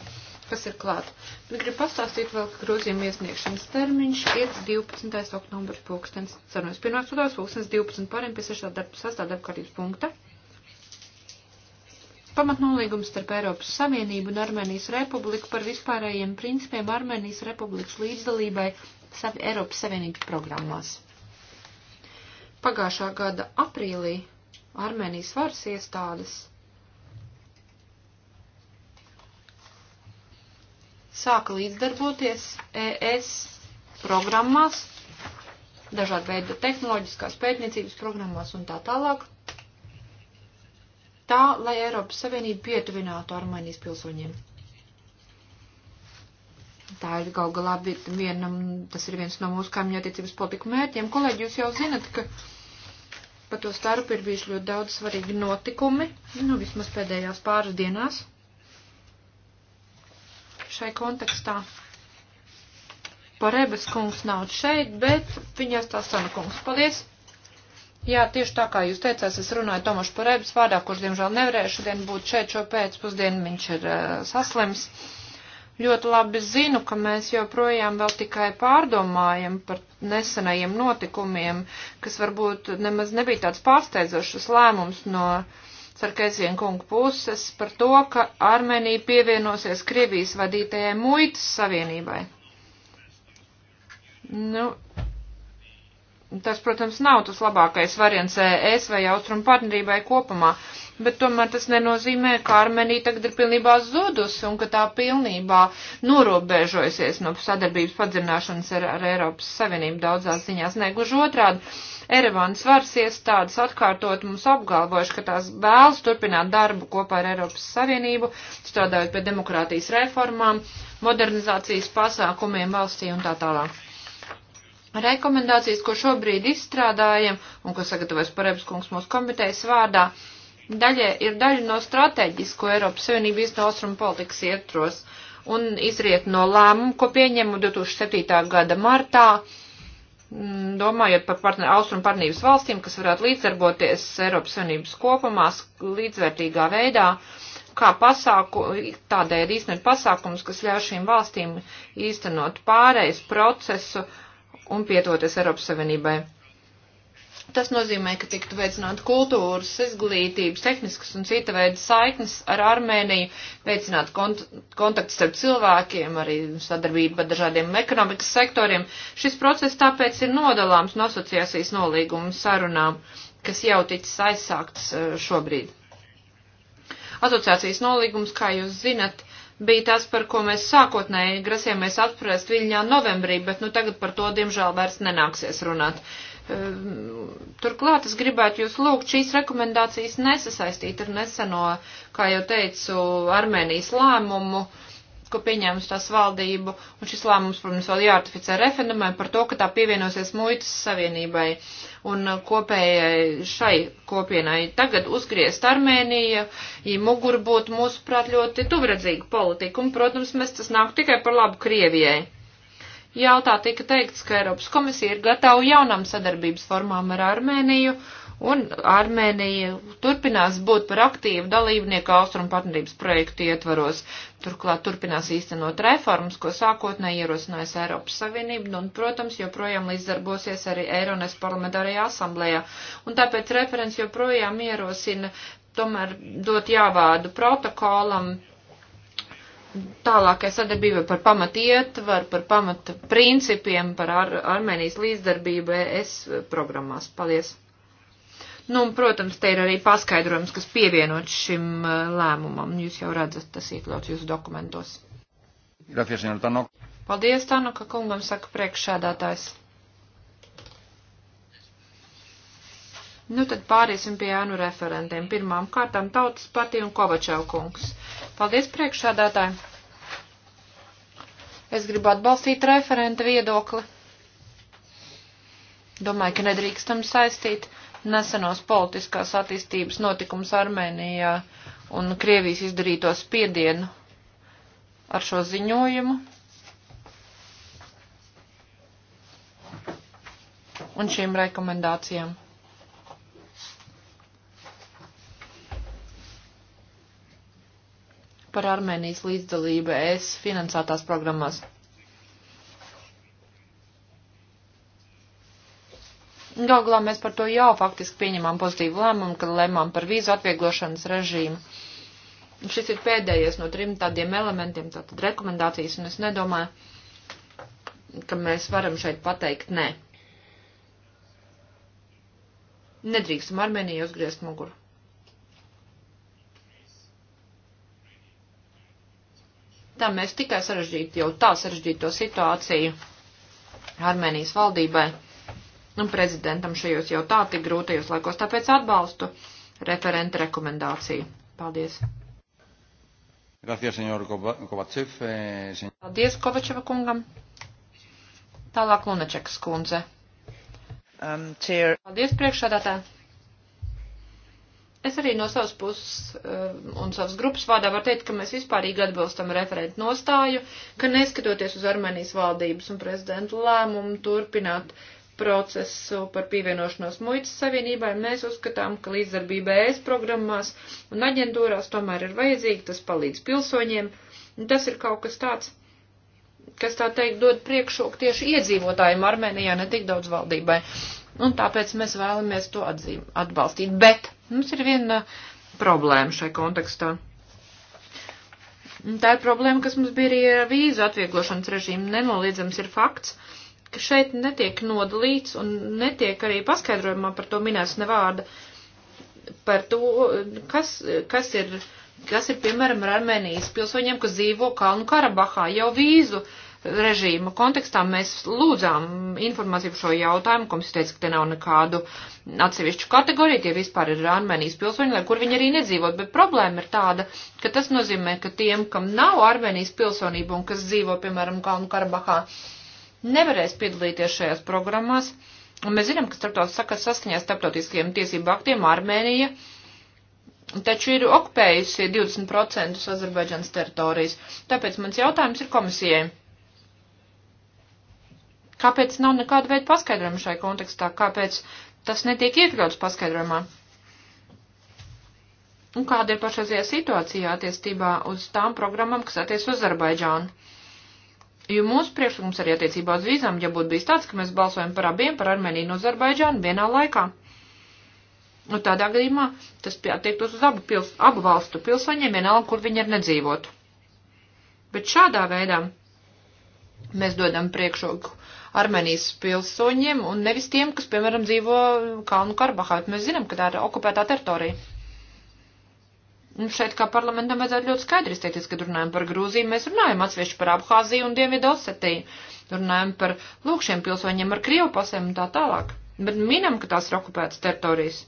kas ir klāt. Bet gribu pastāstīt vēl, ka grozījuma iesniegšanas termiņš ir 12. oktobrs pulkstens. Sarunās pirmās sudās pulkstens 12 pāriem pie 6. darba sastāvdarba kārtības punkta. Pamatnolīgums starp Eiropas Savienību un Armēnijas Republiku par vispārējiem principiem Armēnijas Republikas līdzdalībai savi Eiropas Savienības programmās. Pagājušā gada aprīlī Armēnijas varas iestādes sāka līdzdarboties ES programmās, dažādu veidu tehnoloģiskās pētniecības programmās un tā tālāk, tā, lai Eiropas Savienība pietuvinātu Armēnijas pilsoņiem. Tā ir gal galā vienam, tas ir viens no mūsu kaimiņattiecības politiku mērķiem. Kolēģi, jūs jau zinat, ka pa to starp ir bijuši ļoti daudz svarīgi notikumi, nu vismaz pēdējās pāris dienās šai kontekstā. Parebes kungs nav šeit, bet viņas tā sana kungs. Paldies! Jā, tieši tā kā jūs teicāt, es runāju Tomašu Parebes vārdā, kurš diemžēl nevarēja šodien būt šeit šo pēcpusdienu, viņš ir uh, saslims. Ļoti labi zinu, ka mēs joprojām vēl tikai pārdomājam par nesenajiem notikumiem, kas varbūt nemaz nebija tāds pārsteidzošs lēmums no uh, Sarkēsien kungu puses par to, ka Armēnija pievienosies Krievijas vadītajai muitas savienībai. Nu, tas, protams, nav tas labākais variants ES vai Austrum partnerībai kopumā, bet tomēr tas nenozīmē, ka Armēnija tagad ir pilnībā zudusi un ka tā pilnībā norobežojusies no sadarbības padzināšanas ar, ar Eiropas Savienību daudzās ziņās. Negluži otrādi Erevans varas iestādes atkārtot mums apgalvojuši, ka tās vēlas turpināt darbu kopā ar Eiropas Savienību, strādājot pie demokrātijas reformām, modernizācijas pasākumiem valstī un tā tālāk. Rekomendācijas, ko šobrīd izstrādājam un ko sagatavojas Parebskungs mūsu komitejas vārdā, daļa, ir daļa no strateģisko Eiropas Savienības no austrumu politikas ietros un izriet no lēmumu, ko pieņemu 2007. gada martā Mm, domājot par partner, austrumu partnerības valstīm, kas varētu līdzdarboties Eiropas Savienības kopumā līdzvērtīgā veidā, kā pasāku, tādēļ īstenot pasākums, kas ļauj šīm valstīm īstenot pārējais procesu un pietoties Eiropas Savienībai. Tas nozīmē, ka tiktu veicināt kultūras, izglītības, tehniskas un cita veida saiknes ar Armēniju, veicināt kont kontaktus starp cilvēkiem, arī sadarbību ar dažādiem ekonomikas sektoriem. Šis process tāpēc ir nodalāms no asociācijas nolīguma sarunām, kas jau ticis aizsākts eh, šobrīd. Asociācijas nolīgums, kā jūs zinat, bija tas, par ko mēs sākotnēji grasījāmies apspriest Viļņā novembrī, bet nu tagad par to, diemžēl, vairs nenāksies runāt. Ehm, turklāt es gribētu jūs lūgt šīs rekomendācijas nesasaistīt ar neseno, kā jau teicu, Armēnijas lēmumu, ko pieņēmusi tās valdību, un šis lēmums, protams, vēl jāratificē referendumā par to, ka tā pievienosies muitas savienībai un kopējai šai kopienai. Tagad uzgriezt Armēnija, ja mugur būtu mūsuprāt ļoti tuvredzīga politika, un, protams, mēs tas nāk tikai par labu Krievijai jautā tika teikts, ka Eiropas komisija ir gatava jaunām sadarbības formām ar Armēniju, un Armēnija turpinās būt par aktīvu dalībnieku Austrum partnerības projektu ietvaros. Turklāt turpinās īstenot reformas, ko sākotnēji ierosinājas Eiropas Savienība, un, protams, joprojām līdzdarbosies arī Eironas parlamentārajā asamblējā. Un tāpēc referents joprojām ierosina tomēr dot jāvādu protokolam tālākai sadarbībai par pamatu ietvaru, par pamatu principiem, par Ar Armēnijas līdzdarbību ES programmās. Paldies! Nu, un, protams, te ir arī paskaidrojums, kas pievienots šim lēmumam. Jūs jau redzat, tas iekļauts jūsu dokumentos. Gracias, senor Tanok. Paldies, Tanuka kungam, saka priekšsēdātājs. Nu, tad pāriesim pie ānu referentiem. Pirmām kārtām tautas partija un Kovačev kungs. Paldies priekšsādātāji. Es gribu atbalstīt referenta viedokli. Domāju, ka nedrīkstam saistīt nesenos politiskās attīstības notikums Armēnijā un Krievijas izdarīto spiedienu ar šo ziņojumu. un šīm rekomendācijām. par Armēnijas līdzdalību ES finansētās programmās. Galvā mēs par to jau faktiski pieņemām pozitīvu lēmumu, kad lēmām par vīzu atvieglošanas režīmu. Šis ir pēdējais no trim tādiem elementiem, tātad rekomendācijas, un es nedomāju, ka mēs varam šeit pateikt nē. Nedrīkstam Armēnijai uzgriezt muguru. Tam mēs tikai sarežģītu jau tā sarežģīto situāciju Armēnijas valdībai un prezidentam šajos jau tā tik grūtajos laikos. Tāpēc atbalstu referenta rekomendāciju. Paldies! Gracias, señor Kovačev. Eh, Señ... Paldies Kovačeva kungam. Tālāk Lunačekas kundze. Um, cheer. Paldies priekšādātā. Es arī no savas puses eh, un savas grupas vārdā varu teikt, ka mēs vispārīgi atbilstam referentu nostāju, ka neskatoties uz Armēnijas valdības un prezidenta lēmumu turpināt procesu par pievienošanos muitas savienībai, mēs uzskatām, ka līdzdarbība ES programmās un aģentūrās tomēr ir vajadzīga, tas palīdz pilsoņiem, un tas ir kaut kas tāds, kas tā teikt dod priekšroku tieši iedzīvotājiem Armēnijā, ne tik daudz valdībai. Un tāpēc mēs vēlamies to atzīm, atbalstīt. Bet Mums ir viena problēma šai kontekstā. Tā ir problēma, kas mums bija arī ar vīzu atvieglošanas režīmu. Nenoliedzams ir fakts, ka šeit netiek nodalīts un netiek arī paskaidrojumā par to minēts nevārda, par to, kas, kas ir, kas ir piemēram ar Armēnijas pilsoņiem, kas dzīvo Kalnu Karabahā, jau vīzu uh, režīma kontekstā mēs lūdzām informāciju par šo jautājumu, komisija teica, ka te nav nekādu atsevišķu kategoriju, tie vispār ir Armēnijas pilsoņi, lai kur viņi arī nedzīvot, bet problēma ir tāda, ka tas nozīmē, ka tiem, kam nav Armēnijas pilsonība un kas dzīvo, piemēram, Kalnu Karabahā, nevarēs piedalīties šajās programmās, un mēs zinām, ka starptautiskā saka saskaņā starptautiskajiem tiesību aktiem Armēnija taču ir okupējusi 20% Azerbaidžanas teritorijas. Tāpēc mans jautājums ir komisijai. Kāpēc nav nekāda veida paskaidrojuma šai kontekstā? Kāpēc tas netiek iekļauts paskaidrojumā? Un kāda ir pašreizajā situācijā attiecībā uz tām programmām, kas attiec uz Azerbaidžānu? Jo mūsu priekšlikums arī attiecībā uz vīzām, ja būtu bijis tāds, ka mēs balsojam par abiem, par Armēniju un no Azerbaidžānu vienā laikā. Nu, tādā gadījumā tas attiektos uz abu, pils, abu valstu pilsoņiem, vienalga, kur viņi ir nedzīvot. Bet šādā veidā mēs dodam priekšroku Armēnijas pilsoņiem un nevis tiem, kas, piemēram, dzīvo Kalnu Karbahā. Mēs zinām, ka tā ir okupētā teritorija. Un nu, šeit kā parlamentam vajadzētu ļoti skaidri izteikties, kad runājam par Grūziju, mēs runājam atsevišķi par Abhāziju un Dienvidu Osetiju, runājam par lūkšiem pilsoņiem ar Krievu pasēm un tā tālāk. Bet minam, ka tās ir okupētas teritorijas.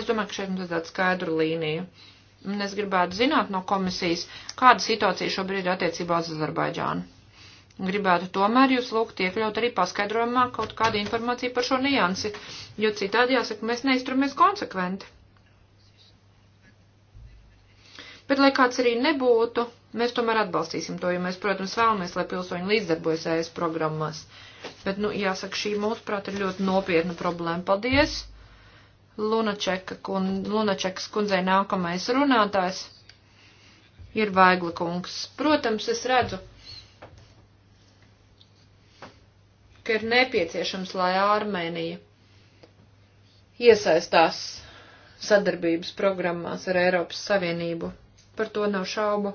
Es domāju, ka šeit mums vajadzētu skaidru līniju. Un es gribētu zināt no komisijas, kāda situācija šobrīd ir attiecībā uz Azerbaidžānu. Gribētu tomēr jūs lūgt iekļaut arī paskaidrojumā kaut kādu informāciju par šo niansi, jo citādi jāsaka, mēs neizturamies konsekventi. Bet, lai kāds arī nebūtu, mēs tomēr atbalstīsim to, jo mēs, protams, vēlamies, lai pilsoņi līdzdarbojas ES programmās. Bet, nu, jāsaka, šī mūsuprāt ir ļoti nopietna problēma. Paldies! Lunačeka kun, Lunačekas kundzei nākamais runātājs ir Vaigla kungs. Protams, es redzu ka ir nepieciešams, lai Armēnija iesaistās sadarbības programmās ar Eiropas Savienību. Par to nav šaubu.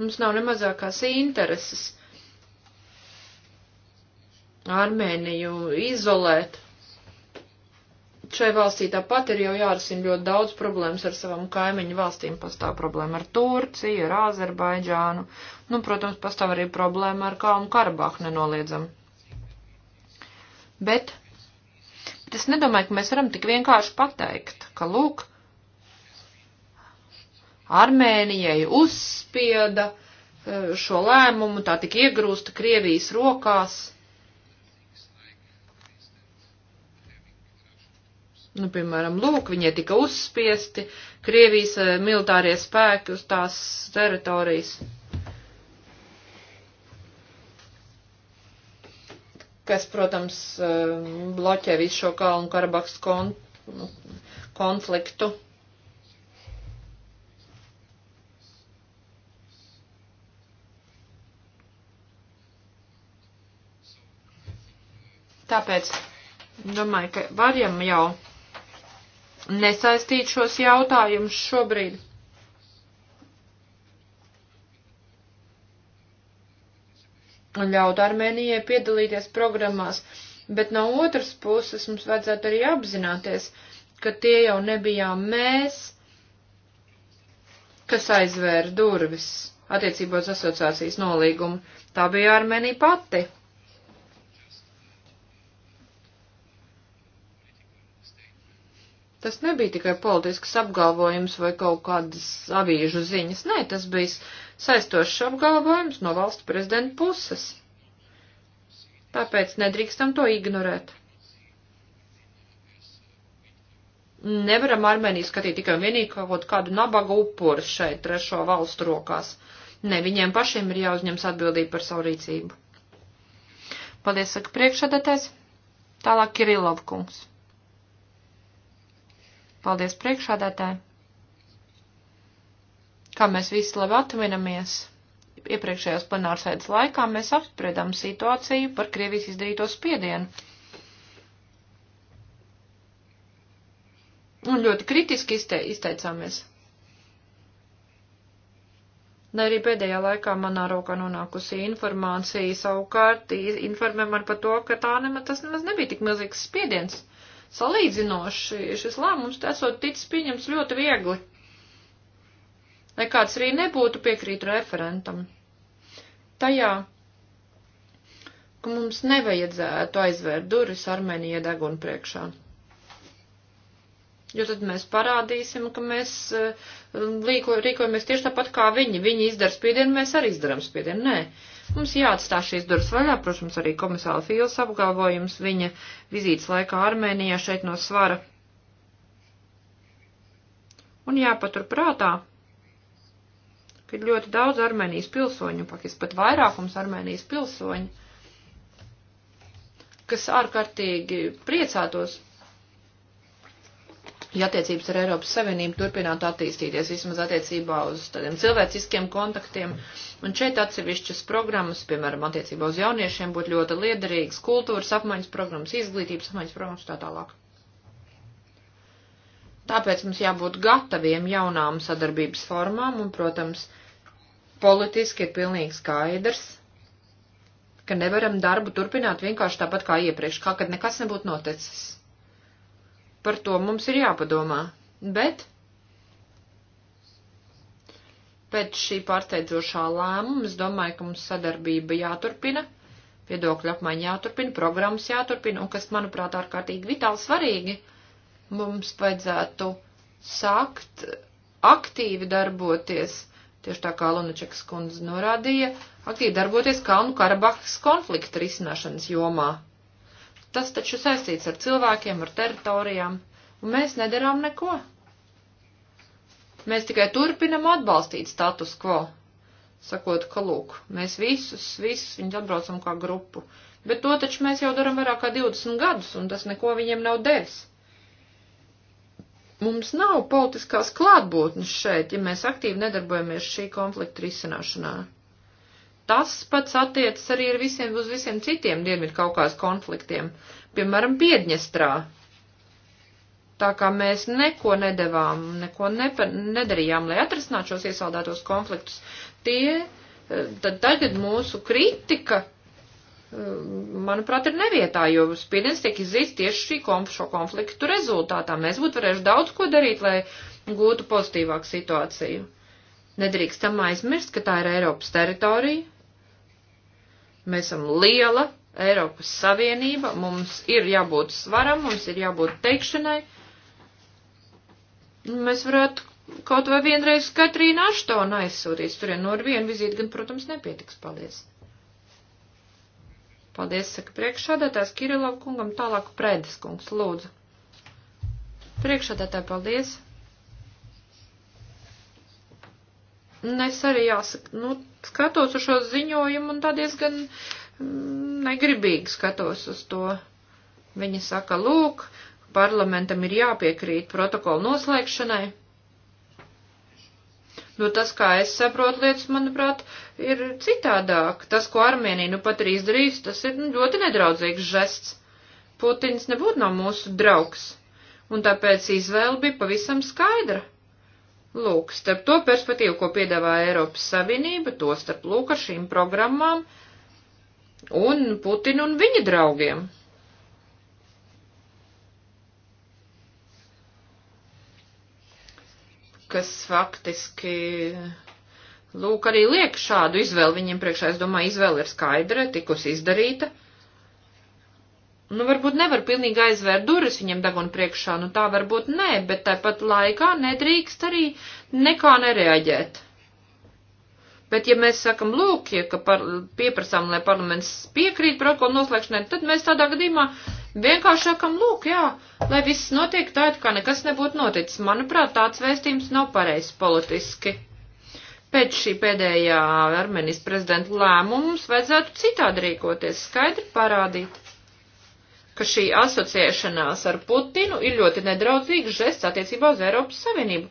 Mums nav nemazākās intereses Armēniju izolēt Šai valstī tāpat ir jau jārisina ļoti daudz problēmas ar savām kaimiņu valstīm. Pastāv problēma ar Turciju, ar Azerbaidžānu. Nu, protams, pastāv arī problēma ar Kalnu Karabahu nenoliedzam. Bet, bet es nedomāju, ka mēs varam tik vienkārši pateikt, ka lūk, Armēnijai uzspieda eh, šo lēmumu, tā tik iegrūsta Krievijas rokās Nu, piemēram, lūk, viņie tika uzspiesti Krievijas eh, militārie spēki uz tās teritorijas. Kas, protams, eh, bloķē visu šo Kalnu Karabaks kon konfliktu. Tāpēc domāju, ka varam jau nesaistīt šos jautājumus šobrīd. Un ļaut Armēnijai piedalīties programmās, bet no otras puses mums vajadzētu arī apzināties, ka tie jau nebijām mēs, kas aizvēra durvis attiecībos asociācijas nolīgumu. Tā bija Armēnija pati. Tas nebija tikai politisks apgalvojums vai kaut kādas avīžu ziņas. Nē, tas bija saistošs apgalvojums no valsts prezidenta puses. Tāpēc nedrīkstam to ignorēt. Nevaram Armēniju skatīt tikai un vienīgi kaut kādu nabaga upuru šeit trešo valstu rokās. Ne, viņiem pašiem ir jāuzņems atbildība par savu rīcību. Paldies, saka priekšsēdētājs. Tālāk Kirillovkungs. Paldies priekšādātāji! Kā mēs visi labi atminamies, iepriekšējās plenārsēdes laikā mēs apspriedām situāciju par Krievijas izdarīto spiedienu. Un ļoti kritiski izte, izteicāmies. Ne arī pēdējā laikā manā rokā nonākusi informācija savukārt informē man par to, ka tā nemaz, tas nemaz nebija tik milzīgs spiediens. Salīdzinoši šis lēmums esot ticis pieņems ļoti viegli. Lai kāds arī nebūtu piekrīt referentam. Tajā, ka mums nevajadzētu aizvērt durvis Armēnijai degunu priekšā. Jo tad mēs parādīsim, ka mēs eh, līko, rīkojamies tieši tāpat kā viņi. Viņi izdara spiedienu, mēs arī izdarām spiedienu. Nē, mums jāatstā šīs durvis vaļā, protams, arī komisāla Fīls apgalvojums viņa vizītes laikā Armēnijā šeit no svara. Un jāpatur prātā, ka ir ļoti daudz Armēnijas pilsoņu, pakis pat vairākums Armēnijas pilsoņu, kas ārkārtīgi priecātos ja attiecības ar Eiropas Savienību turpinātu attīstīties, vismaz attiecībā uz tādiem cilvēciskiem kontaktiem. Un šeit atsevišķas programmas, piemēram, attiecībā uz jauniešiem, būtu ļoti liederīgas, kultūras apmaiņas programmas, izglītības apmaiņas programmas tā tālāk. Tāpēc mums jābūt gataviem jaunām sadarbības formām un, protams, politiski ir pilnīgi skaidrs, ka nevaram darbu turpināt vienkārši tāpat kā iepriekš, kā kad nekas nebūtu noticis. Par to mums ir jāpadomā. Bet pēc šī pārsteidzošā lēmuma es domāju, ka mums sadarbība jāturpina, viedokļu apmaiņa jāturpina, programmas jāturpina, un kas, manuprāt, ārkārtīgi vitāli svarīgi, mums vajadzētu sākt aktīvi darboties, tieši tā kā Lunačekas kundze norādīja, aktīvi darboties Kalnu Karabahas konflikta risināšanas jomā. Tas taču saistīts ar cilvēkiem, ar teritorijām, un mēs nedarām neko. Mēs tikai turpinam atbalstīt status quo, sakot, ka lūk, mēs visus, visus viņus atbraucam kā grupu, bet to taču mēs jau daram vairāk kā 20 gadus, un tas neko viņiem nav devis. Mums nav politiskās klātbūtnes šeit, ja mēs aktīvi nedarbojamies šī konflikta risināšanā. Tas pats attiecas arī ar visiem, uz visiem citiem Dienvidkaukās konfliktiem, piemēram, Piedņestrā. Tā kā mēs neko nedavām, neko nepa, nedarījām, lai atrisinātu šos iesaldētos konfliktus, tie eh, tad tagad mūsu kritika, eh, manuprāt, ir nevietā, jo spiediens tiek izzīts tieši šī konf šo konfliktu rezultātā. Mēs būtu varējuši daudz ko darīt, lai gūtu pozitīvāku situāciju. Nedrīkstam aizmirst, ka tā ir Eiropas teritorija, Mēs esam liela Eiropas Savienība, mums ir jābūt svaram, mums ir jābūt teikšanai. Mēs varētu kaut vai vienreiz Katrīnu Aštonu aizsūtīt turien, no ar vienu vizīti gan, protams, nepietiks. Paldies! Paldies, saka priekšādātājs Kirilov kungam, tālāk Prēdes kungs, lūdzu. Priekšādātāji, paldies! Un nu, es arī jāsaka, nu, skatos uz šo ziņojumu un tā diezgan mm, negribīgi skatos uz to. Viņa saka, lūk, parlamentam ir jāpiekrīt protokolu noslēgšanai. Nu, tas, kā es saprotu lietas, manuprāt, ir citādāk. Tas, ko Armēnija nu pat ir izdarījis, tas ir nu, ļoti nedraudzīgs žests. Putins nebūtu nav mūsu draugs, un tāpēc izvēle bija pavisam skaidra. Lūk, starp to perspektīvu, ko piedāvā Eiropas Savienība, to starp lūk ar šīm programmām un Putinu un viņa draugiem. Kas faktiski, lūk, arī liek šādu izvēlu viņiem priekšā. Es domāju, izvēle ir skaidra, tikus izdarīta. Nu, varbūt nevar pilnīgi aizvērt durvis viņam deguna priekšā, nu tā varbūt nē, bet tāpat laikā nedrīkst arī nekā nereaģēt. Bet, ja mēs sakam, lūk, ja par, pieprasām, lai parlaments piekrīt protokolu noslēgšanai, tad mēs tādā gadījumā vienkārši sakam, lūk, jā, lai viss notiek tā, it kā nekas nebūtu noticis. Manuprāt, tāds vēstījums nav pareizs politiski. Pēc šī pēdējā Armenijas prezidenta lēmums vajadzētu citādi rīkoties, skaidri parādīt ka šī asociēšanās ar Putinu ir ļoti nedraudzīgs žests attiecībā uz Eiropas Savienību.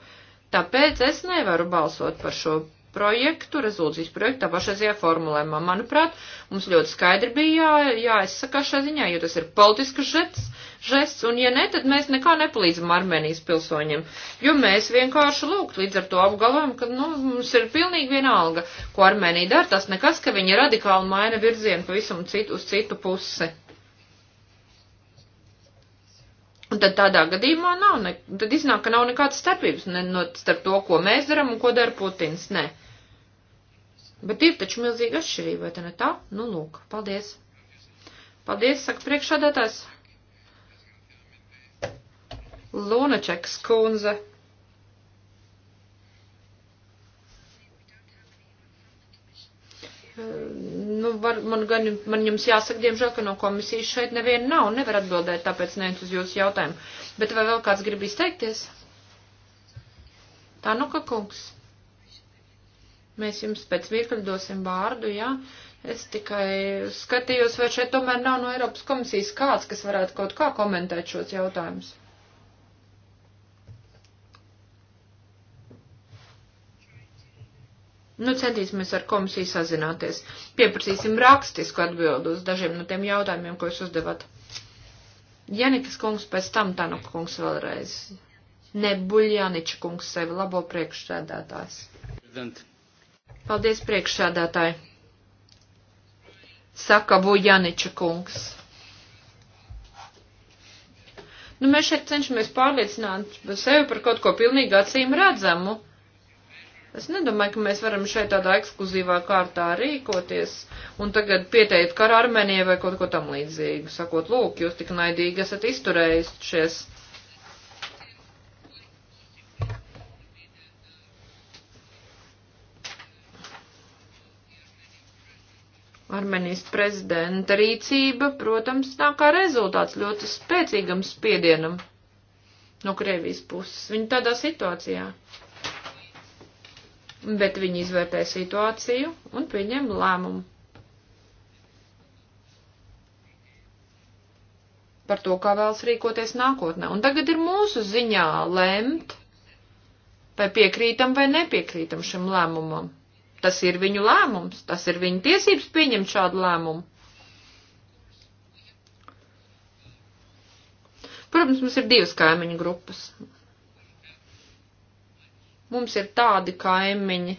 Tāpēc es nevaru balsot par šo projektu, rezolūcijas projektu, tā pašreizajā formulējumā. Manuprāt, mums ļoti skaidri bija jā, jāizsaka šā ziņā, jo tas ir politisks žets, žests, un ja ne, tad mēs nekā nepalīdzam Armēnijas pilsoņiem, jo mēs vienkārši lūgt līdz ar to apgalvojam, ka, nu, mums ir pilnīgi vienalga, ko Armēnija dara, tas nekas, ka viņi radikāli maina virzienu pavisam citu, uz citu pusi. Un tad tādā gadījumā nav, ne, tad iznāk, ka nav nekādas starpības ne, no, starp to, ko mēs darām un ko dara Putins. Nē. Bet ir taču milzīga atšķirība, vai tā ne tā? Nu, lūk, paldies. Paldies, saka priekšādātājs. Lunačeks kundze. Nu, var, man, gan, man jums jāsaka, diemžēl, ka no komisijas šeit neviena nav, nevar atbildēt, tāpēc neiet uz jūsu jautājumu. Bet vai vēl kāds grib izteikties? Tā nu, ka kungs. Mēs jums pēc mirkļa dosim vārdu, jā. Es tikai skatījos, vai šeit tomēr nav no Eiropas komisijas kāds, kas varētu kaut kā komentēt šos jautājumus. Nu, centīsimies ar komisiju sazināties. Pieprasīsim rakstisku atbildu uz dažiem no tiem jautājumiem, ko jūs uzdevat. Janikas kungs, pēc tam Tanuka kungs vēlreiz. Ne Buļjaniča kungs sevi labo priekšsēdētājs. Paldies priekšsēdētāji. Saka Buļjaniča kungs. Nu, mēs šeit cenšamies pārliecināt sevi par kaut ko pilnīgi acīm redzamu. Es nedomāju, ka mēs varam šeit tādā ekskluzīvā kārtā rīkoties un tagad pieteikt karu Armēnijai vai kaut ko tam līdzīgu, sakot, lūk, jūs tik naidīgi esat izturējušies. Armenijas prezidenta rīcība, protams, nāk kā rezultāts ļoti spēcīgam spiedienam no Krievijas puses. Viņa tādā situācijā bet viņi izvērtē situāciju un pieņem lēmumu par to, kā vēlas rīkoties nākotnē. Un tagad ir mūsu ziņā lemt, vai piekrītam vai nepiekrītam šim lēmumam. Tas ir viņu lēmums, tas ir viņu tiesības pieņemt šādu lēmumu. Protams, mums ir divas kaimiņu grupas Mums ir tādi kaimiņi,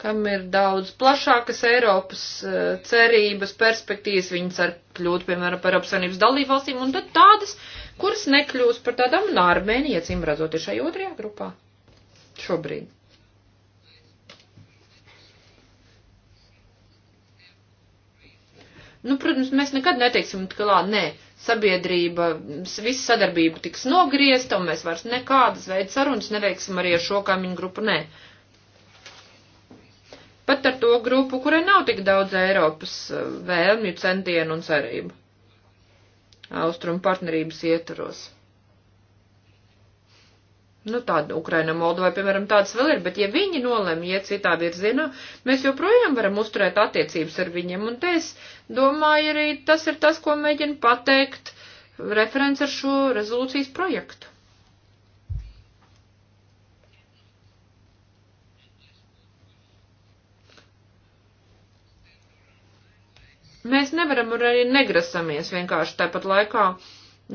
kam ir daudz plašākas Eiropas eh, cerības, perspektīvas, viņas var kļūt, piemēram, par Eiropas Savienības dalībvalstīm, un tad tādas, kuras nekļūs par tādām, un Armēnija, cīm redzot, ir šajā otrajā grupā šobrīd. Nu, protams, mēs nekad neteiksim, ka lā, nē, ne, sabiedrība, visa sadarbība tiks nogriezta, un mēs vairs nekādas veids sarunas neveiksim arī ar šo kaimiņu grupu, nē. Pat ar to grupu, kurai nav tik daudz Eiropas eh, vēlmju, centienu un cerību. Austrum partnerības ietvaros. Nu, tāda Ukraina, Moldova, piemēram, tādas vēl ir, bet ja viņi nolemj iet citā virzienā, mēs joprojām varam uzturēt attiecības ar viņiem, un te es domāju arī tas ir tas, ko mēģina pateikt referents ar šo rezolūcijas projektu. Mēs nevaram un arī negrasamies vienkārši tāpat laikā,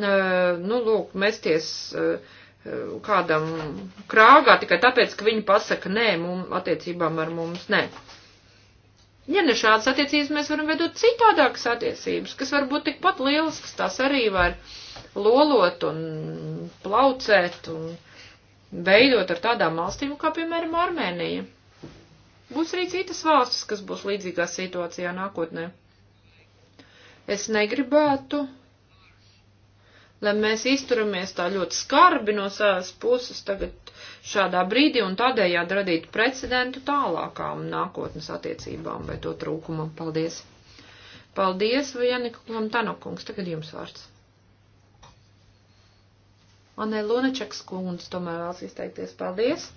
nu, lūk, mesties. Uh, kādam krāgā tikai tāpēc, ka viņi pasaka nē mums, attiecībām ar mums nē. Ja ne šādas attiecības, mēs varam veidot citādākas attiecības, kas var būt tikpat lielas, kas tās arī var lolot un plaucēt un veidot ar tādām valstīm, kā piemēram Armēnija. Būs arī citas valstis, kas būs līdzīgā situācijā nākotnē. Es negribētu lai mēs izturamies tā ļoti skarbi no savas puses tagad šādā brīdī un tādējādi radītu precedentu tālākām nākotnes attiecībām vai to trūkumam. Paldies! Paldies, Vienikam Tanokungs, tagad jums vārds. Anē Lunačeks kundze tomēr vēlas izteikties. Paldies!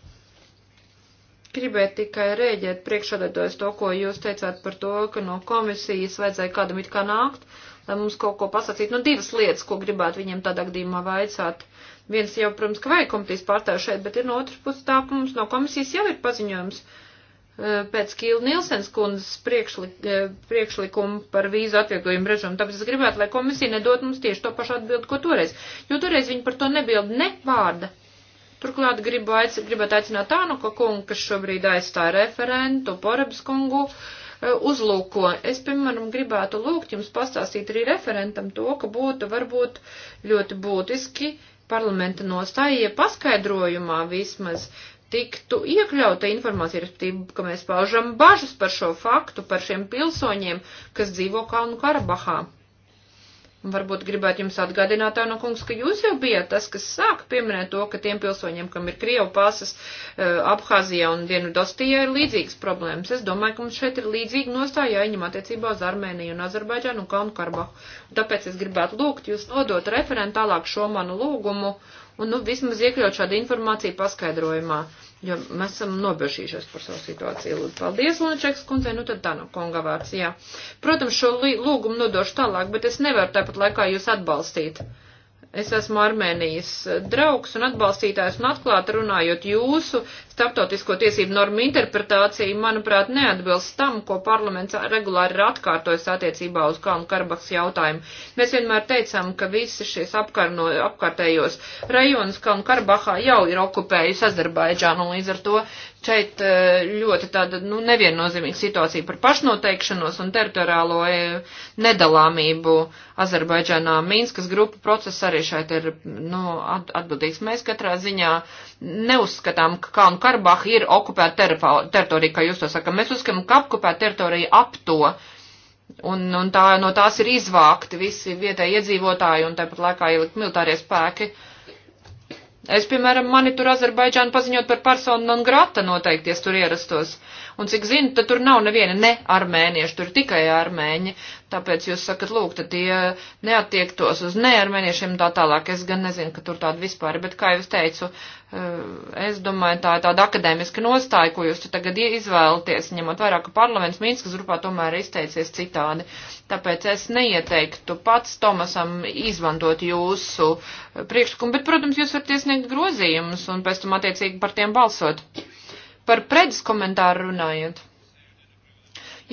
Gribēju tikai rēģēt priekšādētojas to, ko jūs teicāt par to, ka no komisijas vajadzēja kādam it kā nākt. Uh, lai mums kaut ko pasakītu. Nu, divas lietas, ko gribētu viņiem tādā gadījumā vaicāt. Viens jau, protams, ka vajag komitejas pārstāvju šeit, bet ir no otras puses tā, ka mums no komisijas jau ir paziņojums eh, pēc Kīla Nilsens kundzes priekšlik, eh, priekšlikumu par vīzu atvieglojumu režīmu. Tāpēc es gribētu, lai komisija nedod mums tieši to pašu atbildi, ko toreiz. Jo toreiz viņi par to nebild ne vārda. Turklāt gribu aic, gribētu aicināt Tānu Kakungu, kas šobrīd aizstāja referentu Porebs kungu. Uh, Eh, uzlūko. Es, piemēram, gribētu lūgt jums pastāstīt arī referentam to, ka būtu varbūt ļoti būtiski parlamenta nostāja paskaidrojumā vismaz tiktu iekļauta informācija, respektīvi, ka mēs paužam bažas par šo faktu, par šiem pilsoņiem, kas dzīvo Kalnu Karabahā. Un varbūt gribētu jums atgādināt, Anna kungs, ka jūs jau bijat tas, kas sāk pieminēt to, ka tiem pilsoņiem, kam ir Krievu pasas, eh, Abhāzijā un Dienvidostijā ir līdzīgas problēmas. Es domāju, ka mums šeit ir līdzīga nostāja jāņem attiecībā uz Armēniju un Azerbaidžānu un Kalnu-Karbahu. Tāpēc es gribētu lūgt jūs nodot referentu tālāk šo manu lūgumu un, nu, vismaz iekļaut šādu informāciju paskaidrojumā jo mēs esam nobežījušies par savu situāciju. Lūdzu, paldies, Lunačeks kundzei, nu tad tā no konga vārds, jā. Protams, šo lūgumu nodošu tālāk, bet es nevaru tāpat laikā jūs atbalstīt. Uh, Es esmu Armēnijas draugs un atbalstītājs un atklāti runājot jūsu starptautisko tiesību normu interpretāciju, manuprāt, neatbilst tam, ko parlaments regulāri ir atkārtojis attiecībā uz Kalnu Karabahas jautājumu. Mēs vienmēr teicām, ka visi šīs apkarno, apkārtējos rajonus Kalnu Karabahā jau ir okupējusi Azerbaidžānu un līdz ar to Šeit e, ļoti tāda, nu, neviennozīmīga situācija par pašnoteikšanos un teritoriālo e, nedalāmību Azerbaidžānā. Mīnskas grupa process arī šeit ir, nu, atbildīgs. Mēs katrā ziņā neuzskatām, ka Kalnu Karabaha ir okupēta teritorija, kā jūs to sakam. Mēs uzskatām, ka apkopēta teritorija ap to. Un, un tā, no tās ir izvākti visi vietēji iedzīvotāji un tāpat laikā ielikt militārie spēki. Uh, Es, piemēram, mani tur Azerbaidžānu paziņot par personu non grata noteikti, ja tur ierastos. Uh, Un cik zinu, tad tur nav neviena ne armēnieša, tur tikai armēņi. Tāpēc jūs sakat, lūk, tad tie neatiektos uz nearmēniešiem tā tālāk. Es gan nezinu, ka tur tāda vispār ir, bet kā jau es teicu, eh, es domāju, tā ir tāda akadēmiska nostāja, ko jūs tagad izvēlaties, ņemot vairāk, ka parlaments Mīnskas grupā tomēr izteicies citādi. Tāpēc es neieteiktu pats Tomasam izmantot jūsu eh, priekšlikumu, bet, protams, jūs varat iesniegt grozījumus un pēc tam attiecīgi par tiem balsot. Par predes komentāru runājot.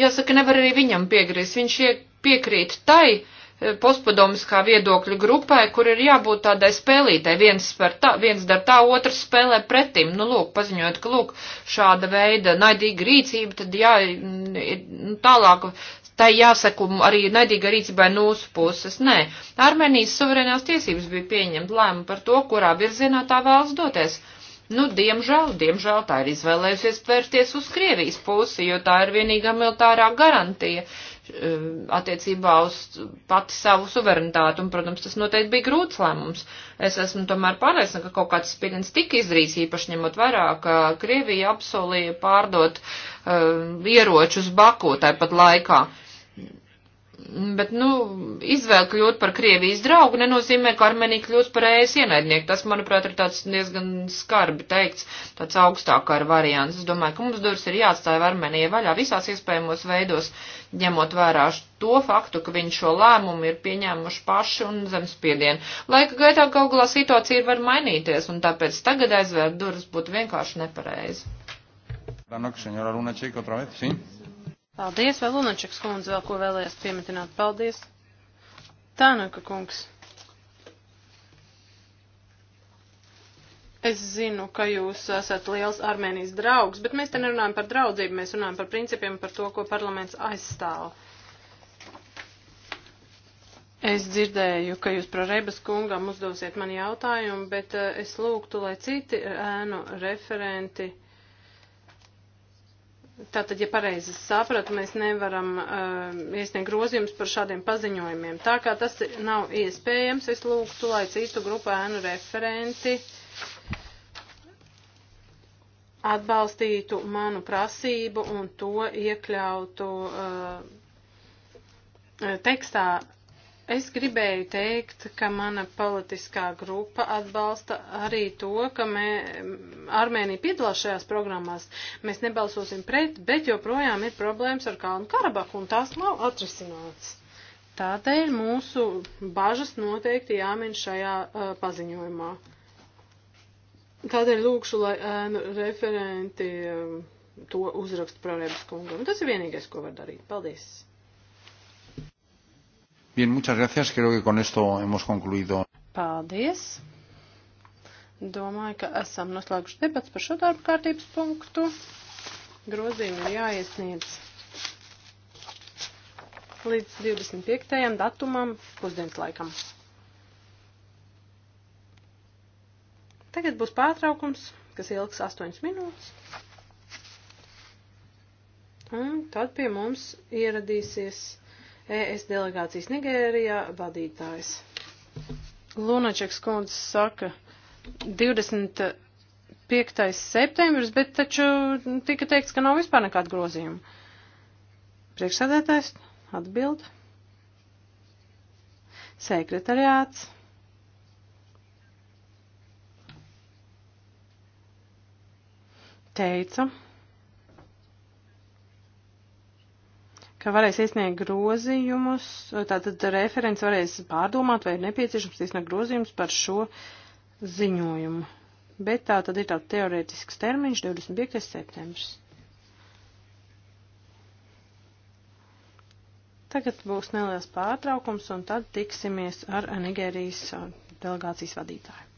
Jāsaka, nevar arī viņam piegrīst. Viņš piekrīt tai e, postpadomiskā viedokļu grupai, kur ir jābūt tādai spēlītei. Viens, tā, viens dar tā, otrs spēlē pretim. Nu, lūk, paziņojot, ka, lūk, šāda veida naidīga rīcība, tad jā, mm, nu, tālāk tai jāsaka arī naidīga rīcībai mūsu puses. Nē, Armēnijas suverēnās tiesības bija pieņemt lēmu par to, kurā virzienā tā vēlas doties. Nu, diemžēl, diemžēl tā ir izvēlējusies vērsties uz Krievijas pusi, jo tā ir vienīgā militārā garantija um, attiecībā uz pati savu suverenitāti, un, protams, tas noteikti bija grūts lēmums. Es esmu tomēr pārliecināta, ka kaut kāds spiediens tika izdarīts, īpaši ņemot vērā, ka Krievija apsolīja pārdot uh, ieročus Baku tāpat laikā. Uh, Bet, nu, izvēle kļūt par Krievijas draugu nenozīmē, ka Armenija kļūst par ēs e ienaidnieku. Tas, manuprāt, ir tāds diezgan skarbi teikts, tāds augstākā ar variants. Es domāju, ka mums durvis ir jāatstāja Armenija vaļā visās iespējamos veidos, ņemot vērā to faktu, ka viņi šo lēmumu ir pieņēmuši paši un zemspiedienu. Laika gaitā kaut galā situācija var mainīties, un tāpēc tagad aizvērt durvis būtu vienkārši nepareizi. Buenas noches, señora Luna Chico, otra vez, sí. Paldies, vai Lunačeks kundze vēl ko vēlējās piemetināt? Paldies. Tānaka kungs. Es zinu, ka jūs esat liels Armēnijas draugs, bet mēs te nerunājam par draudzību, mēs runājam par principiem, par to, ko parlaments aizstāv. Es dzirdēju, ka jūs par Rebas kungam uzdosiet man jautājumu, bet eh, es lūgtu, lai citi eh, ēnu referenti. Uh, Tātad, ja pareizi sapratu, mēs nevaram uh, iesniegt grozījumus par šādiem paziņojumiem. Tā kā tas nav iespējams, es lūgtu, lai citu grupu ēnu referenti atbalstītu manu prasību un to iekļautu uh, tekstā Es gribēju teikt, ka mana politiskā grupa atbalsta arī to, ka mē, Armēnija piedalās šajās programmās. Mēs nebalsosim pret, bet joprojām ir problēmas ar Kalnu Karabahu, un tās nav atrisināts. Tādēļ mūsu bažas noteikti jāmin šajā uh, paziņojumā. Tādēļ lūkšu, lai ēnu uh, referenti uh, to uzrakstu Prārēbas kungam. Tas ir vienīgais, ko var darīt. Paldies! Bien, muchas gracias. Creo que con esto hemos concluido. Paldies. Domāju, ka esam noslēguši debats par šo darbu kārtības punktu. Grozījumi ir jāiesniedz līdz 25. datumam pusdienas laikam. Tagad būs pārtraukums, kas ilgs 8 minūtes. Un tad pie mums ieradīsies ES delegācijas Nigērijā vadītājs. Lunačeks kundze saka 25. septembris, bet taču tika teikts, ka nav vispār nekāda grozījuma. Priekšsēdētājs atbild. Sekretariāts. Teica. ka varēs iesniegt grozījumus, tātad referents varēs pārdomāt, vai ir nepieciešams iesniegt grozījumus par šo ziņojumu. Bet tā tad ir tāds teorētisks termiņš 25. septembris. Tagad būs neliels pārtraukums un tad tiksimies ar Nigērijas delegācijas vadītāju.